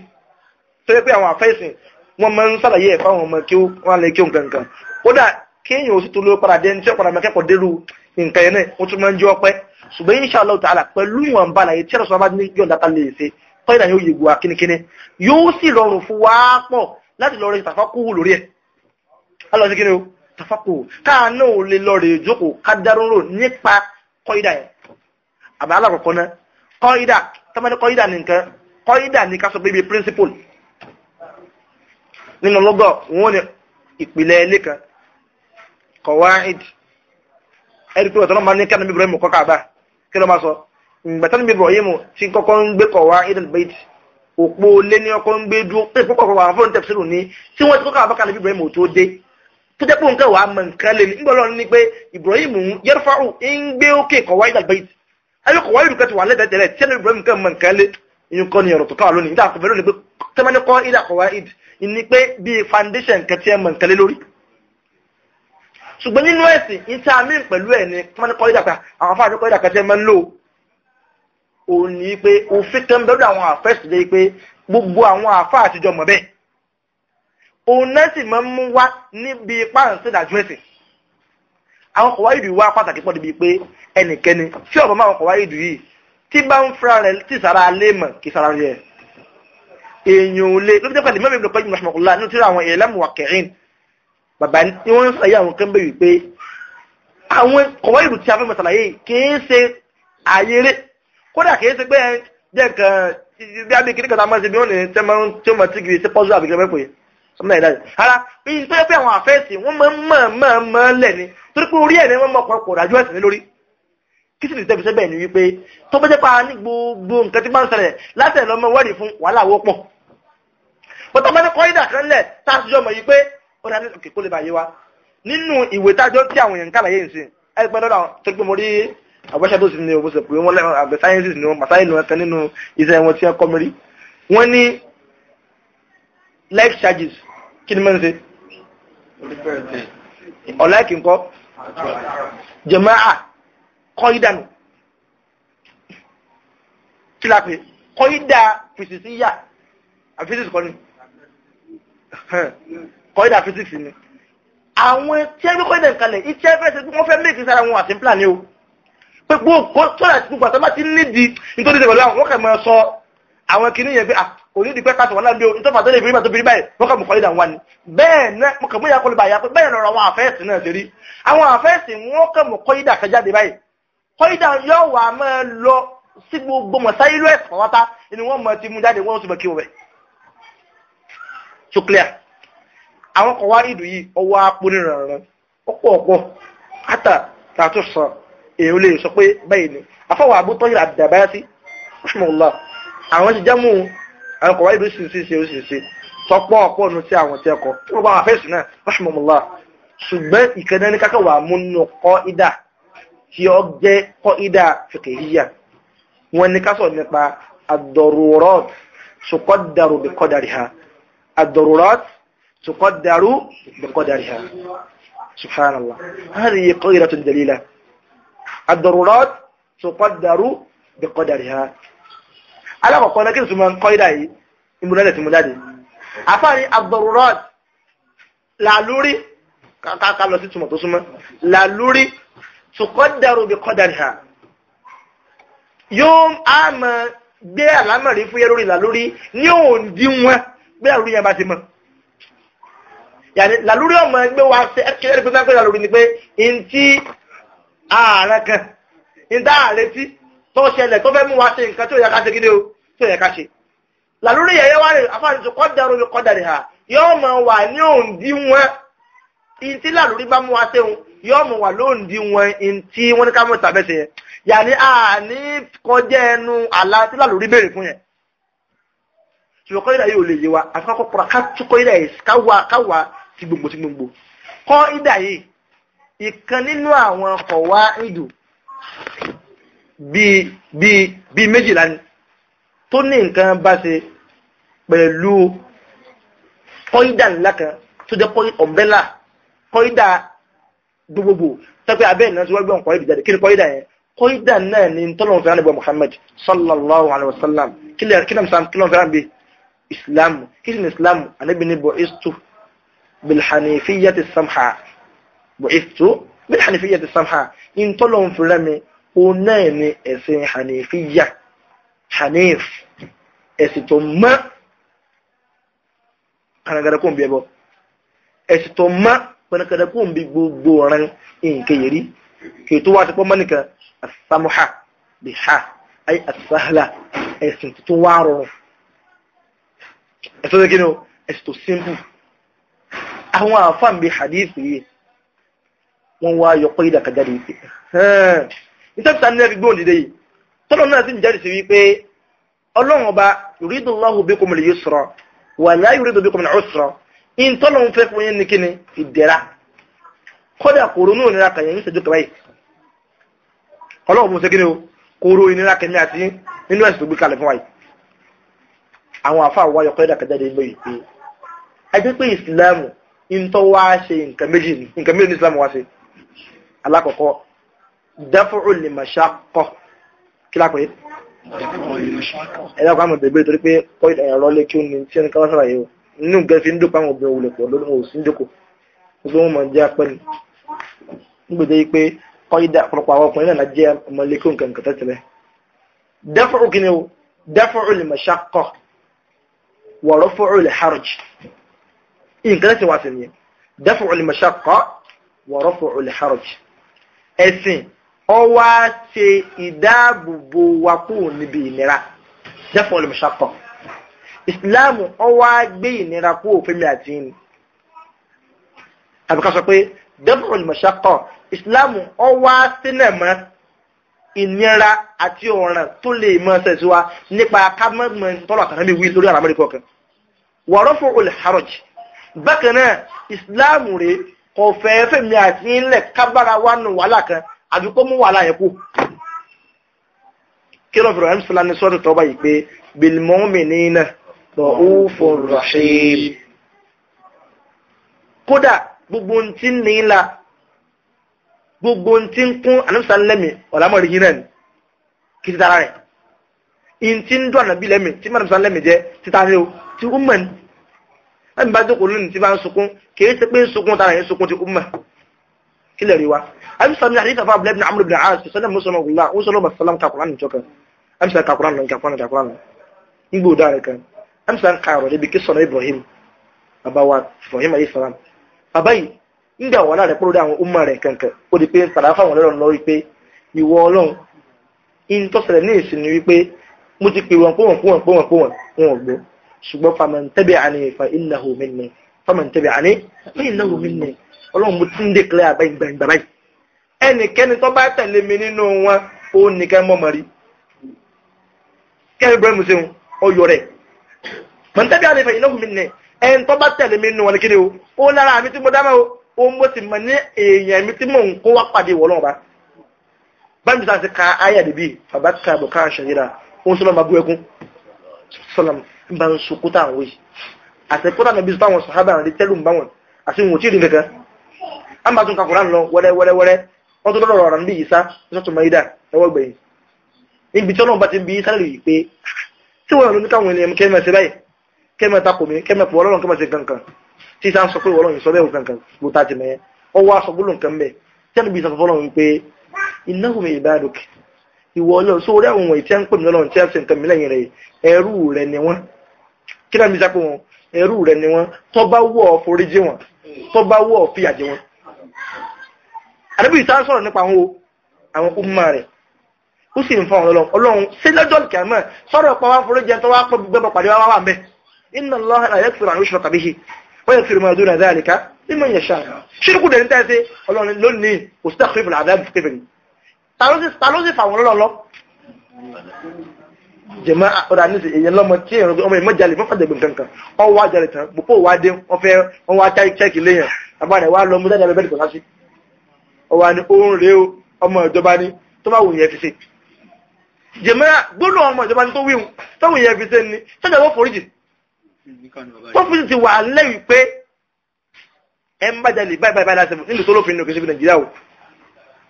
tó yẹ pé àwọn àfẹ́sìn wọn máa ń sàlàyé ẹ̀fọ́ àwọn ọmọ kí wọ́n lè kí ó nǹkan kódà kéèyàn ó sì tó lórí padà dé ní tí ọ̀pọ̀ àmọ́kẹ́kọ̀ọ́ dérú nǹkan yẹn náà wọ́n tún máa ń jẹ́ ọpẹ́ ṣùgbọ́n insha Allah ta'ala pẹ̀lú ìwọ̀n bá láyé tí ẹ̀rọ̀sọ́ bá ní yọ̀ǹda ta lè ṣe kọ́ìdà yóò yegu wa kínníkínní yóò sì rọrùn fún o tàfákùú káà náà ò lè lọ àmì alákọ̀ọ́kọ́ náà kọ́ídà tọ́mọdé kọ́ídà ní nǹkan kọ́ídà ní ká sọ pé ibi principle nínú lọ́gọ̀ wọn ni ìpìlẹ̀ ilé kan kọ̀wáìd ẹni pé ọ̀tọ́ náà máa ní kánú bíbélì mú kọ́kà kí ló máa sọ tí kọ́kọ́ ń gbé kọ̀wáìd òpó lé ní ọkọ̀ ń gbé dúró pé púpọ̀ kọ̀wá fún tó jẹ́ pé nǹkan wàá mọ̀ nǹkan lè ní ní pé Ibrahim ń gbé ayé kò wáyé nǹkan ti wà lẹ́dẹ̀ẹ́ tẹ́lẹ̀ tí ẹni ìbúrẹ́mù kan mọ nǹkan lé ìyún kan ní ọ̀rọ̀ tó káwà lónìí nígbà àkọ́bẹ̀ lónìí pé tẹ́mẹ́ni kọ́ ilé àkọ́wá id ìní pé bíi foundation nǹkan tí ẹ mọ nǹkan lé lórí. ṣùgbọ́n nínú ẹ̀sìn iṣẹ́ amí pẹ̀lú ẹ̀ ni tẹ́mẹ́ni kọ́ ilé àkọ́wá àwọn afáàjọ kọ́ ilé àkọ́wá tí ẹ máa ń lò ó ní pé òfin kan bẹ́ẹ̀ àwọn àfẹ́sì jẹ́ pé gbogbo àwọn àfá àtijọ́ mọ̀ bẹ́ẹ̀ òun náà sì máa ń mú wá níbi ipá à ń ṣèdájú ẹ̀sìn àwọn kọ̀wá ìdù wá pàtàkì pọ̀ débi pé ẹnikẹ́ni tí ọ̀bọ̀n máa kọ̀wá ìdù yìí tí bá ń fura rẹ̀ tí sara alẹ́ mọ̀ kì sara rẹ̀ èèyàn ò lé lóbi tẹ́pẹ́lẹ́ mẹ́rin lọ́pẹ́ ìmọ̀ ṣọmọkùnlá ní tíra àwọn èèyàn lẹ́mùwà kẹrin bàbá ni wọ́n ń sàyé àwọn kan bẹ́ẹ̀ wípé àwọn kọ̀wá ìdù tí a fẹ́ mọ̀sàlàyé kìí ṣe ayeré kódà kìí ṣe pé jẹ́ nǹkan bí abẹ́kiri kan tá a máa ṣe bí wọ́n ní tẹ́ máa ń tí ó máa tí ṣe pọ́sù àbíkẹ́ mẹ́pẹ́ sọmọlá ìdájọ́ ara bí i tó yẹ pé àwọn àfẹ́sì wọ́n mọ́ mọ́ mọ́ mọ́ lẹ̀ ni torí pé orí ẹ̀ ni wọ́n mọ́ ọkọ̀ ọ̀rọ̀ ẹ̀sìn lórí kí sì ní tẹ́bi sẹ́bẹ̀ ni wípé tó bá jẹ́ pa ní gbogbo nǹkan tí máa ń ṣẹlẹ̀ láti ẹ̀ lọ́mọ wẹ́rì fún wàhálà wọ́pọ̀ bọ́tọ̀ bá ní kọ́ ìdà kan lẹ̀ tá a ṣíjọ́ mọ̀ yìí pé ó dá ní òkè kó lè bàyé wa nínú ìwé tájọ́ tí àwọn èèyàn kàlàyé ń sìn ẹ̀ pẹ́ lọ́dọ̀ tó gbé mo rí àbọ̀ṣẹ́ tó sì ní òbúṣe pé wọ́n lẹ́wọ̀n àgbẹ̀ sáyẹ́nsì ni wọ́n màsáyẹ́ nù ẹ̀kan nínú iṣẹ́ wọn tí wọ́n kọ́ mi wọ́n ní Life charges kí ni mọ́ ṣe ọ̀láìkì nǹkan jẹ̀máà kọ́ ìdánù kí la pè kọ́ ìdá fìsìsì yà àfíìsì kọ́ ni kọ́ ìdá fìsìsì ni àwọn tí ẹgbẹ́ kọ́ ìdá nǹkan lẹ̀ iṣẹ́ fẹ́ ṣe pé wọ́n fẹ́ mẹ́kì sára wọn àti plan ni o pé gbogbo tó rà sí gbogbo àtàbà ti nídìí nítorí ìṣẹ̀lẹ̀ àwọn wọ́n kẹ̀ mọ́ sọ àwọn kìnnìyàn pé ah, onídìpẹ́ kàtọ̀ wọn lábẹ́ ìtọ́fà tó lè fi rí màtó bìrì báyìí wọ́n kà mú ni bẹ́ẹ̀ náà mo kà mú ìyá kọ́lé báyà pé bẹ́ẹ̀ lọ́rọ̀ àwọn àfẹ́ẹ̀sì náà ṣe rí àwọn àfẹ́ẹ̀sì wọ́n kà mú kọ́ídà kan jáde báyìí kọ́ídà yóò wà máa lọ sí gbogbo mọ̀sáyílú ẹ̀sìn pàwátá ni wọ́n mọ̀ ti mú jáde wọ́n sì bẹ̀ kí wọ́n so clear àwọn kan wá ìdù yìí ọwọ́ apò nírànràn ọ̀pọ̀ ọ̀pọ̀ átà tààtù sàn èèyàn lè sọ pé bẹ́ẹ̀ ni afọwọ́ àbútọ́ yìí àdàbáyá àwọn kọ̀wá ìlú ṣiṣẹ́ ṣiṣẹ́ tọpọ̀ ọ̀pọ̀ nu tí àwọn tẹ́kọ̀ tí wọ́n bá wà fẹ́sùn náà rahmanullah ṣùgbọ́n ìkẹ́nẹ́ ní kákẹ́ wà múnú kọ́ ìdá tí ó jẹ́ kọ́ ìdá fìkìhíyà wọn ni kásọ̀ nípa ad-darurat tuqaddaru bi qadariha ad-darurat tuqaddaru bi qadariha subhanallah hadhihi qairatun dalila ad-darurat tuqaddaru bi qadariha alákọ̀ọ́kọ́ lẹ́kí ìtumọ̀ kọ́ ìdá yìí ìmúlẹ̀lẹ̀ tí mo jáde àfáàní ad-darurat làlúrí káàkà lọ sí ìtumọ̀ tó súnmọ́ làlúrí tuqaddaru bi qadariha yóò á mọ gbé àlámọ̀rí fún yẹ lórí làlúrí ní òǹdíwọ̀n gbé àlúrí yẹn bá ti mọ̀ yàní làlúrí ọmọ ẹgbẹ́ wa ṣe ẹkẹrẹ pé máa ń làlúrí ni pé ntí ààrẹ kan ntí ààrẹ tí tó ṣẹlẹ̀ tó fẹ́ mú wa ṣe nǹkan tó yẹ ká ṣe kí ni o tó yẹ ká ṣe làlórí yẹ̀yẹ́ wá rẹ̀ afáàrísù kọ́dàrú mi kọ́dàrí ha yọ́ mọ̀ wà ní òǹdí wọn ìtí làlórí bá mú wa séhun yọ́ mọ̀ wà lóǹdí wọn ìtí wọn ní ká mọ̀ tàbẹ́sẹ̀ yẹn yàní a ní kọjá ẹnu àlá tí làlórí béèrè fún yẹn ṣùgbọ́n kọ́ ìdá yìí ò lè yé wa àfi kọ́kọ́ ká túkọ́ ìdá yìí káwa káwa ti gbogbo ti gbogbo kọ́ yìí ìkan nínú àwọn kọ̀wá ìdù bíi bíi bíi méjìlá ni tó ní nǹkan bá ṣe pẹ̀lú kọ́ídà ńlá kan tó jẹ́ ọ̀mbrẹ́là kọ́ídà gbogbogbò tọ́pẹ́ abẹ́ ìnáwó tí wọ́n gbọ́n kọ́ídà jáde kí ni kọ́ídà yẹn kọ́ídà náà ni tọ́lọ́run fẹ́ràn nígbà Muhammad sallallahu alayhi wa sallam kí lọ́n fẹ́ràn bí islam kí ni islam anabi ni bu'istu bilhanifiyyati samha bu'istu bilhanifiyyati samha in tọ́lọ́run fẹ́ràn mi òun náà ni ẹ̀sìn hanifiyya hanif ẹ̀sìn tó mọ́ kanagada kó n bí ẹbọ ẹ̀sìn tó mọ́ kanagada kó n bí gbogbo ọ̀ràn nǹkan yẹrí kì í tó wá sí pọ́ mọ́nìkan asamuha bí ha ayé asahla ẹ̀sìn tó wá rọrùn ẹ̀sìn tó kí ni o ẹ̀sìn tó simple àwọn àfáàn bí hadith yìí wọ́n wá yọ pé ìdàkàjáde yìí nítorí sáà ní ẹgbẹ́ òǹdíde yìí tọ́lọ́ náà sì ń jáde sí wípé ọlọ́run ọba yuridullahu bikumul yusra wala yuridu bikumul usra ìntọ́lọ́run fẹ́ fún yín ní kíni ìdẹ̀ra kódà kòrò ní kàbáyé ọlọ́run o kòrò àti nínú ẹ̀sìn tó gbé kalẹ̀ fún àwọn wáyọ kọ́dà lóyè pé a jẹ́ pé wá ṣe nǹkan méjì ẹ̀dá kan mọ̀ tẹ̀gbẹ́ torí pé point ẹ̀rọ lé kí ó ní tí ẹni káwá sára yìí o nínú nǹkan fi ń dùn páwọn obìnrin òwúlẹ̀ pọ̀ lórí òsì ń jókòó gbogbo wọn máa jẹ́ apẹ́ ni nígbèdé yìí pé kọ́ídà ọ̀pọ̀lọpọ̀ àwọn ọkùnrin náà jẹ́ ọmọlékò nǹkan nǹkan tẹ́tẹ̀lẹ́ dẹ́fọ̀rù kí ni o dẹ́fọ̀rù lè mọ̀ ṣakọ̀ wọ̀rọ̀ fọ̀rù lè harj nǹkan tẹ́tẹ̀ wá sí ni dẹ́fọ̀rù lè mọ̀ ṣakọ̀ wọ̀rọ̀ fọ̀rù lè harj ẹ̀sìn ọ wá ṣe ìdáàbòbò wa kúrò níbi ìnira jẹ́fọ́ olùmọ̀ṣàkọ̀ ìsìláàmù ọ wá gbé ìnira kúrò fẹ́mi àti ìní àbíká sọ pé jẹ́fọ́ olùmọ̀ṣàkọ̀ ìsìláàmù ọ wá sílẹ̀ mọ́ ìnira àti ọ̀ràn tó lè mọ ẹsẹ̀ sí wa nípa kámẹ́mọ́ tọ́lọ̀ àtàrà mi wí lórí àràmọ́rí kọ̀ọ̀kan wọ̀rọ̀ fún olùharọ̀j bákan náà ìsìláàmù rèé kò fẹ́ẹ́ fẹ́mi àti ìní lẹ̀ wa nù wàhálà kan àbí kó mú wàhálà yẹn kú kí ló fìrọ̀ ẹ̀mísìlá ní sọ́dọ̀ tọ́ba yìí pé bilmọ́mì ní iná lọ òfò rahim kódà gbogbo ń ti ní ilà gbogbo ń ti ń kún àníṣà lẹ́mì ọ̀làmọ̀rí yìí náà ni kí ti tara rẹ̀ in ti ń dún ànábì lẹ́mì tí mọ̀lẹ́mìsà lẹ́mì jẹ́ títa rẹ̀ o ti ó mọ̀ ní ẹ̀mí bá jókòó lónìí tí bá ń sunkún kì í ṣe pé ń sunkún tara yẹn sunkún ti ó mọ̀ kí lè rí wa amsa min hadith afa ibn amr ibn as sallam muslim allah o sallam sallam ka qur'an joka amsa ka qur'an ka qur'an ka qur'an ngbo dare kan amsa ka ro de bi kiso na ibrahim abawa ibrahim alayhi salam abai ngba wala re pro da àwọn umma rẹ̀ kankan ó di pé para fa wọn lorun lórí pé ìwọ Ọlọ́hun in tó ṣẹlẹ̀ ní ìsin ni wípé mo ti pè wọn pé wọn pé wọn pé wọn pé wọn wọn ò gbọ́ ṣùgbọ́n faman tabi'ani fa innahu minni faman tabi'ani fa innahu minni Ọlọ́run mo ti ń dékìlẹ̀ àbáyé gbàgbà ẹnikẹ́ni tó bá tẹ̀lé mi nínú wọn ó nìkan mọ́mọ́ rí kẹ́rin Ibrahim ṣe ọyọ rẹ̀ mọ̀ntẹ́bí àlefà ìnáwó mi nì ẹn tó bá tẹ̀lé mi nínú wọn kí ni o ó lára mi tí mo dá mọ́ o mo sì mọ̀ ní èèyàn mi tí mò ń kó wá pàdé wọ́ lọ́wọ́ bá sáà ti ka ayé àdìbí bàbá ti ka àbọ̀ ká àṣà yìí rà ó ń sọ́nà máa bú ẹkún sọ́nà bá ń sunkún táwọn yìí àtẹ̀kọ́tà nàbí sọ́nà àwọn sọ̀hábà rẹ̀ tẹ́lù ń bá wọn àti wọn tí ì wọ́n tó lọ́rọ̀ ọ̀rọ̀ níbi ìsá lọ́tọ̀ mọ́ídà ẹwọ́ gbẹ̀yìn níbi tí ọlọ́run bá ti bí ìsá lè rí pé tí wọ́n lóní káwọn ènìyàn kẹ́mẹ̀ sí báyìí kẹ́mẹ̀ takò mí kẹ́mẹ̀ pọ̀ ọlọ́run kẹ́mẹ̀ sí kankan tí ìsá ń sọ pé ọlọ́run sọ bẹ́ẹ̀ kankan ló ta ti mẹ́yẹn ọ wá sọ gbólóhùn kan bẹ́ẹ̀ tí ẹni bí ìsá fọlọ́ wọn pé iná hùmẹ̀ ìbádùk ìwọ ọlọ́run sọ orí àwọn ìtí à ń pè mí lọ́run tí a sì ń kan mí lẹ́yìn rẹ̀ ẹrú rẹ̀ ni wọ́n kí náà bí ìsá pé wọn ẹrú rẹ̀ ni wọ́n tó bá wọ̀ foríjì wọn tó bá wọ̀ fìyàjẹ wọn àdébí ìta sọ̀rọ̀ nípa àwọn àwọn umma rẹ̀ ó sì ń fa ọ̀rọ̀ ọlọ́run sí lọ́jọ́ kìámà sọ̀rọ̀ pa wá foríjẹ tó wá pọ̀ gbẹ́bọ̀ pàdé wá wà mẹ́ inna Allaha la yaghfiru an yushraka bihi wa yaghfiru ma duna dhalika liman yasha ṣírùkù dẹ̀ ní tẹ́sí ọlọ́run lónìí kò sí tàkìrì fìlà àdáàbò fífẹ́ ni ta ló sì fa àwọn ọlọ́lọ́ jẹ̀mọ́ ọ̀dà ní èyàn lọ́mọ tí èyàn ọmọ ìmọ̀ jalè fún fàdẹ̀gbẹ̀ kankan wọ́n wá jalè tán gbogbo wá dé wọ́n fẹ́ wọ́n wá chẹ́kì léyàn àbára ẹ̀ wá lọ mú dáadáa bẹ́ẹ̀ kọ̀ lásìkò ọwà ni ó ń rèé ọmọ ìjọba ni tó bá wùn yẹn fi ṣe jẹmẹ́rà gbóná ọmọ ìjọba ni tó wíhun tó wùn yẹn fi ṣe ni sọ́jà wọ́n foríjì wọ́n fi ti wà lẹ́yìn pé ẹ ń bàjẹ́ lè báyìí báyìí láti nílùú tó lófin lókè síbi nàìjíríà o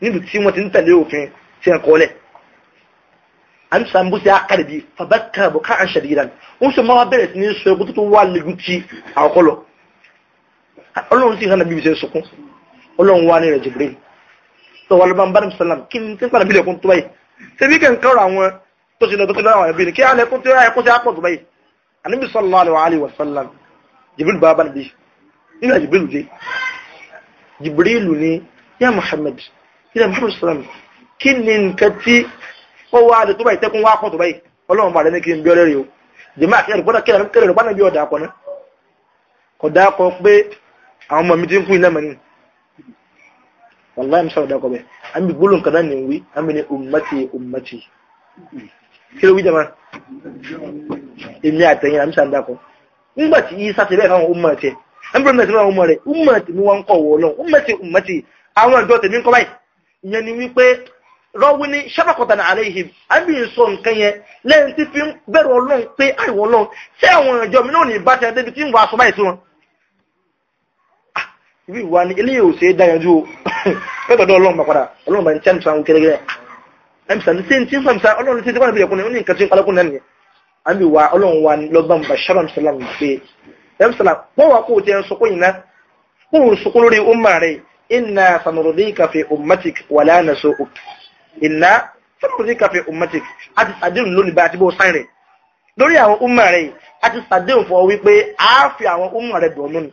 nílùú tí wọ́n ti ń tẹ̀lé òfin ti ẹ̀kọ́ lẹ̀ à ń sàmbó sí akadé bíi fàbákà bọ̀ káà ń ṣàdìyí dání ó ń sọ máa bẹ̀rẹ̀ sí ní sọ ẹkú tó tó wà lẹ́gùn ti àkọlọ ọlọ́run sì hàn nàbí ibi sọkún ọlọ́run wà ní rẹ̀ jìbìrì sọ wà lọ́ba mbàdàn sàlám kí ni tí ń padà bí lẹ́kùn tó báyìí ṣebí kẹ́ ń kọ́rọ̀ àwọn tó ti lọ tó ti lọ àwọn ẹbí ni kí á lẹ́kùn tó yà ẹkún sí àpọ̀ tó báyìí ànábì sallallahu alaihi wa sallam jibril bá bá níbi nígbà jibril dé jibril ni ya muhammad ya muhammad sallam kí ni nǹkan tí ó wá lè tó báyìí tẹ́kún wá pọ̀ tó báyìí ọlọ́run wallahi msa da ko be an bi gulun ne wi bi ne ummati ummati wi jama da ko isa be kan ummati ummare ummati wan ko ummati ummati do ko ni wí pé rọ́wí ní ṣẹ́fàkọ̀tàn àlẹ́yìn àbí ìsọ nǹkan yẹn lẹ́yìn tí fi ń bẹ̀rù ọlọ́run pé àìwọ̀ ọlọ́run tí àwọn mi náà ní bá mẹ́tọ̀dọ̀ ọlọ́run bá padà ọlọ́run bá ń chẹ́mùsà ń kẹ́rẹ́gẹ́rẹ́ ẹ̀mùsà ní sí ti ń fàmùsà ọlọ́run ti dẹ́gbàdàbí ẹ̀kún ní nǹkan tí ń kalẹ́kùn náà nìyẹn àbí wa ọlọ́run wa lọ́gbà mùbà sharon salam pé ẹ̀mùsà wọ́n wà kó o jẹ́ sọkún yìí ná kó o sọkún lórí umma rẹ̀ iná sanurudi kafe ummatic wàlá na so ok iná sanurudi kafe ummatic àti sàdéhùn lónìí bá àti bó sáìn rẹ̀ lórí àwọn umma rẹ̀ àti sàdéhùn fọ wípé àáfi àwọn umma rẹ̀ dùn ọ́nù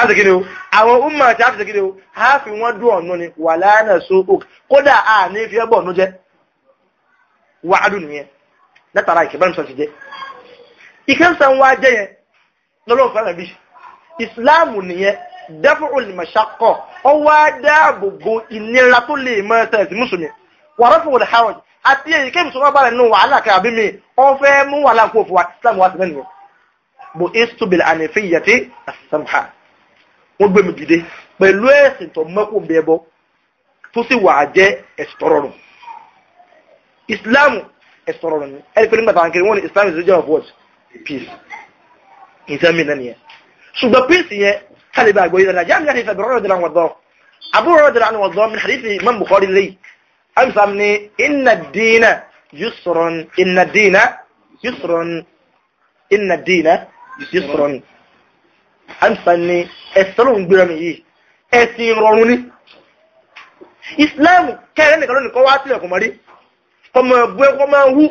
àtìkí ni o àwọn umma ti àtìkí ni o a fi wọ́n dún ọ̀nà ni wà láàrín so ok kódà a ní fi ẹbọ̀ ọ̀nà jẹ́ wà á dùn yẹn látara ìkẹbẹ́rún sọ ti jẹ́ ìkẹ́sàn wa jẹ́ yẹn lọ́lọ́ fẹ́ràn bí ìsìláàmù nìyẹn dẹ́fùrù ní màṣákọ̀ ọ wá dáàbò bo ìnira tó lè mọ ẹsẹ̀ ẹ̀sìn mùsùlùmí wà rọ́fù wọlé howard àti èyí kébì wọ́n gbé mi dìde pẹ̀lú ẹ̀sìn tó mẹ́kò ń bẹ bọ́ tó sì wà á jẹ́ ẹ̀sìn tọrọ nù ìsìláàmù ẹ̀sìn pé nígbà tá à ń kiri wọ́n is religion of what peace nǹkan mi náà nìyẹn ṣùgbọ́n peace yẹn kálíbà àgbọ̀yé náà jáàmù yàtọ̀ ìfẹ̀bẹ̀rẹ̀ ọ̀rọ̀ dìran wọ̀dọ̀ àbúrò ọ̀rọ̀ dìran wọ̀dọ̀ min hadith imam bukhari lẹ́yìn amsam ni inna diina yusron inna diina yusron inna diina yusron àmìsà ni ẹ̀sìn lóun gbéra mi yìí ẹ̀sìn rọrùn ni Islam kẹrẹ nìkan lónìí kọ́ wá sílẹ̀ kò mọ̀ rí kọmọ ẹgbẹ́ kọ́ máa ń hú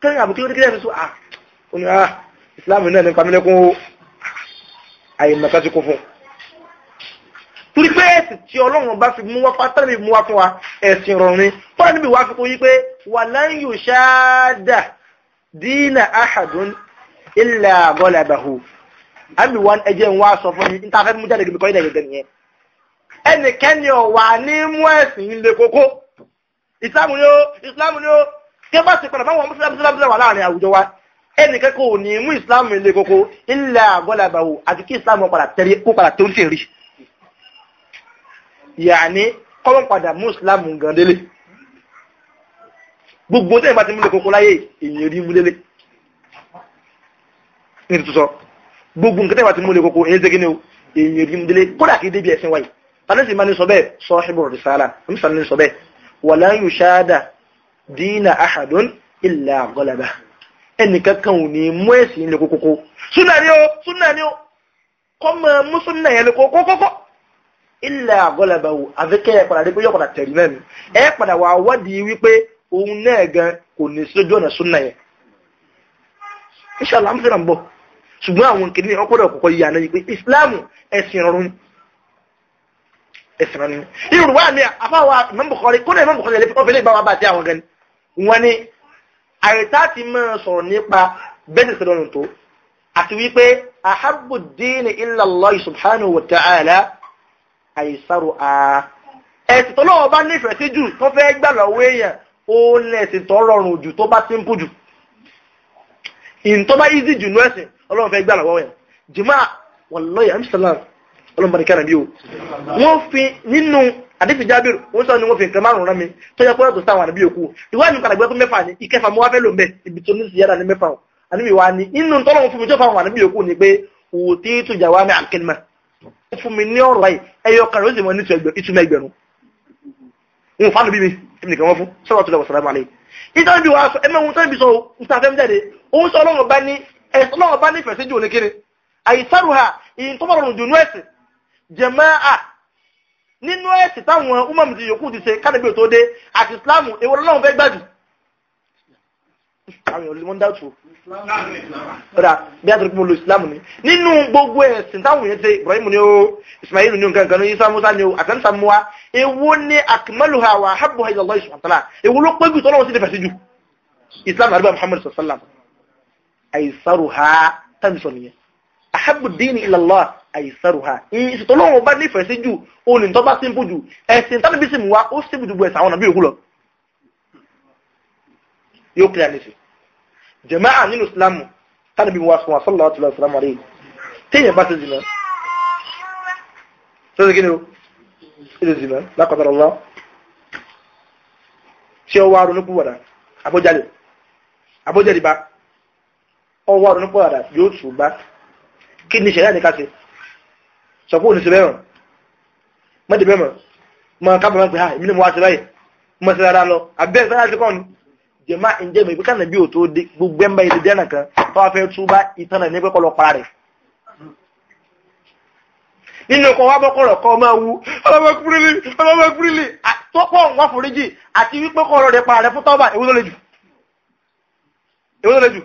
kẹrin àbùkí ó dékẹ́lẹ́ ẹ̀sìn ah ó ní ah Islam náà ní pamílẹ́kún ó àyèmọ̀ká ti kó fún torí pé ẹ̀sìn tí Ọlọ́run bá fi mú wá pátá níbi mú wá fún wa ẹ̀sìn rọrùn ni pátá níbi wá fi kó yí pé wà láyò ṣáádà dínà áhàdùn ilẹ̀ àgọ́lẹ̀ àbàhù àmì wọn ẹjẹ ń wá sọ fún mi níta fẹ́ mú jáde gbẹ̀kọ́ ìdẹ̀ gẹ̀gẹ̀ nìyẹn ẹnikẹ́ni ọ̀wà ní mú ẹ̀sìn lè kókó ìsìlámù ni ó ìsìlámù ni ó tí ó bá ti padà fáwọn mùsùlùmí sílámù wà láàrin àwùjọ wa ẹnikẹ́kọ̀ọ́ ò ní mú ìsìlámù lè kókó ilẹ̀ àgọ́làbàwò àti kí ìsìlámù kó padà tó ń tè rí yàní kọ́mọ̀ padà mú ìsìlámù gàndélé gbogbo tẹ́yìn bá ti múlẹ̀ kókó láyé èèyàn rí múlẹ̀ lé ní tuntun gbogbo nǹkan tẹ́wà tí mo lè kókó èyí ṣe gíní o èyí rí délé kódà kí débi ẹ̀sìn wáyé tàbí ma ní sọ bẹ́ẹ̀ sọ ṣíbùrù rìsáàlà ní sọ ní sọ bẹ́ẹ̀ wà àfikẹ́ ẹ̀ padà pé yọ̀ padà tẹ̀lé náà ni wà wádìí wípé òun náà gan kò ní sí lójú ọ̀nà súnà yẹn. inshallah ń fi ràn bọ̀ ṣùgbọ́n àwọn kìíní ọkọ̀dọ̀ kọ̀kọ́ yìí àná yìí pé ìsìláàmù ẹ̀sìn ọ̀run ẹ̀sìn ọ̀run irú wa ni àfáwà mẹ́mbùkọ́rí kó náà mẹ́mbùkọ́rí ẹ̀lẹ́fẹ́ ọ̀fẹ́lẹ́ ìbáwá bá ti àwọn gan wọn ni àìtá ti máa sọ̀rọ̀ nípa bẹ́sẹ̀ sí lọ́run tó àti wípé ahabbu dini illallahi subhanahu wa ta'ala àìsàrò a ẹ̀sìn tọ́lọ́wọ́ bá nífẹ̀ẹ́ sí jù tó fẹ́ ọlọ́run fẹ́ gbà lọ́wọ́ yẹn jìmá wallahi amsalam ọlọ́run bá ní kánà bí o wọ́n fi nínú àdéfì jábìrì wọ́n sọ ni wọ́n fi nǹkan márùn-ún rán mi tó yẹ pọ́nrọ́ tó sáwọn àbí òkú ìwádìí nǹkan àgbẹ̀ tó mẹ́fà ni ìkẹfà mo wá fẹ́ lò mẹ́ ibi tó ní ziyada ní mẹ́fà o àníbi wa ni inú tọ́lọ́run fún mi tó fáwọn àbí òkú ni pé òtí tó jà wá mi àkẹ́lẹ́mà fún mi ní ọ̀rọ̀ yìí ẹyọ kan ló sì mọ ní ìtumọ̀ ẹgbẹ̀rún ẹ̀sùn náà bá nífẹ̀ẹ́ sí jù ní àìsàrù ha ìyìn tó mọ̀rọ̀rùn jù nú ẹ̀sìn jàmáà nínú ẹ̀sìn táwọn umar ti yòókù ti ṣe kánàbí tó dé àti islam ìwọ náà fẹ́ gbàdù àwọn olùmọ̀ ń dàtú rà bí a tó kí mo lo islam ni nínú gbogbo ẹ̀sìn táwọn yẹn ṣe ibrahim ni o ismail ni o nǹkan ní isa musa ni o àtẹnusá muwa èwo ni akmaluha wa habbuha ila Allah subhanahu wa ta'ala èwo ló pé jù tọ́lọ́wọ́ sí ìfẹ̀sí islam àdúgbò muhammad sallallahu alaihi wa sallam aisaruha tàbí sọ nìyẹn ahabu dini ilallah aisaruha ìṣètò ọlọ́run bá nífẹ̀ẹ́ sí jù olè tó bá simple jù ẹ̀sìn tàbí bí sìnwá ó simple jù gbọ́ ẹ̀sìn àwọn nàbí òkú lọ yóò kílẹ̀ àníṣe jẹ̀máà nínú islamu tàbí wà fún wa sallallahu alaihi wa sallam àríyìn téèyàn kí ni o ilé zìnà lákọ̀tàrà ọwọ́ àrùn nípò àdá yóò ṣùgbá kí ni ìṣẹ̀lẹ̀ àdíkà sí sọ pé òníṣẹ́ bẹ́ẹ̀ mọ́dé bẹ́ẹ̀ mọ́ mọ́ kábàámọ̀ pé èmi ni mo wá sí báyìí mo sì rárá lọ abẹ́ ẹ̀ sára sí kọ́ni jẹ̀má ǹjẹ́ mi ìpínká nàbí ò tó dé gbogbo ẹ̀ ń bá ilé díẹ̀ nìkan tó wá fẹ́ túbá ìtàn náà ní pẹ́ kọ́lọ́ pa rẹ̀ nínú ọkọ̀ wá bọ́kọ̀rọ̀ kọ́ máa wu ọlọ́mọkúrílì ọlọ́mọkúrílì tọ́pọ̀ wá foríjì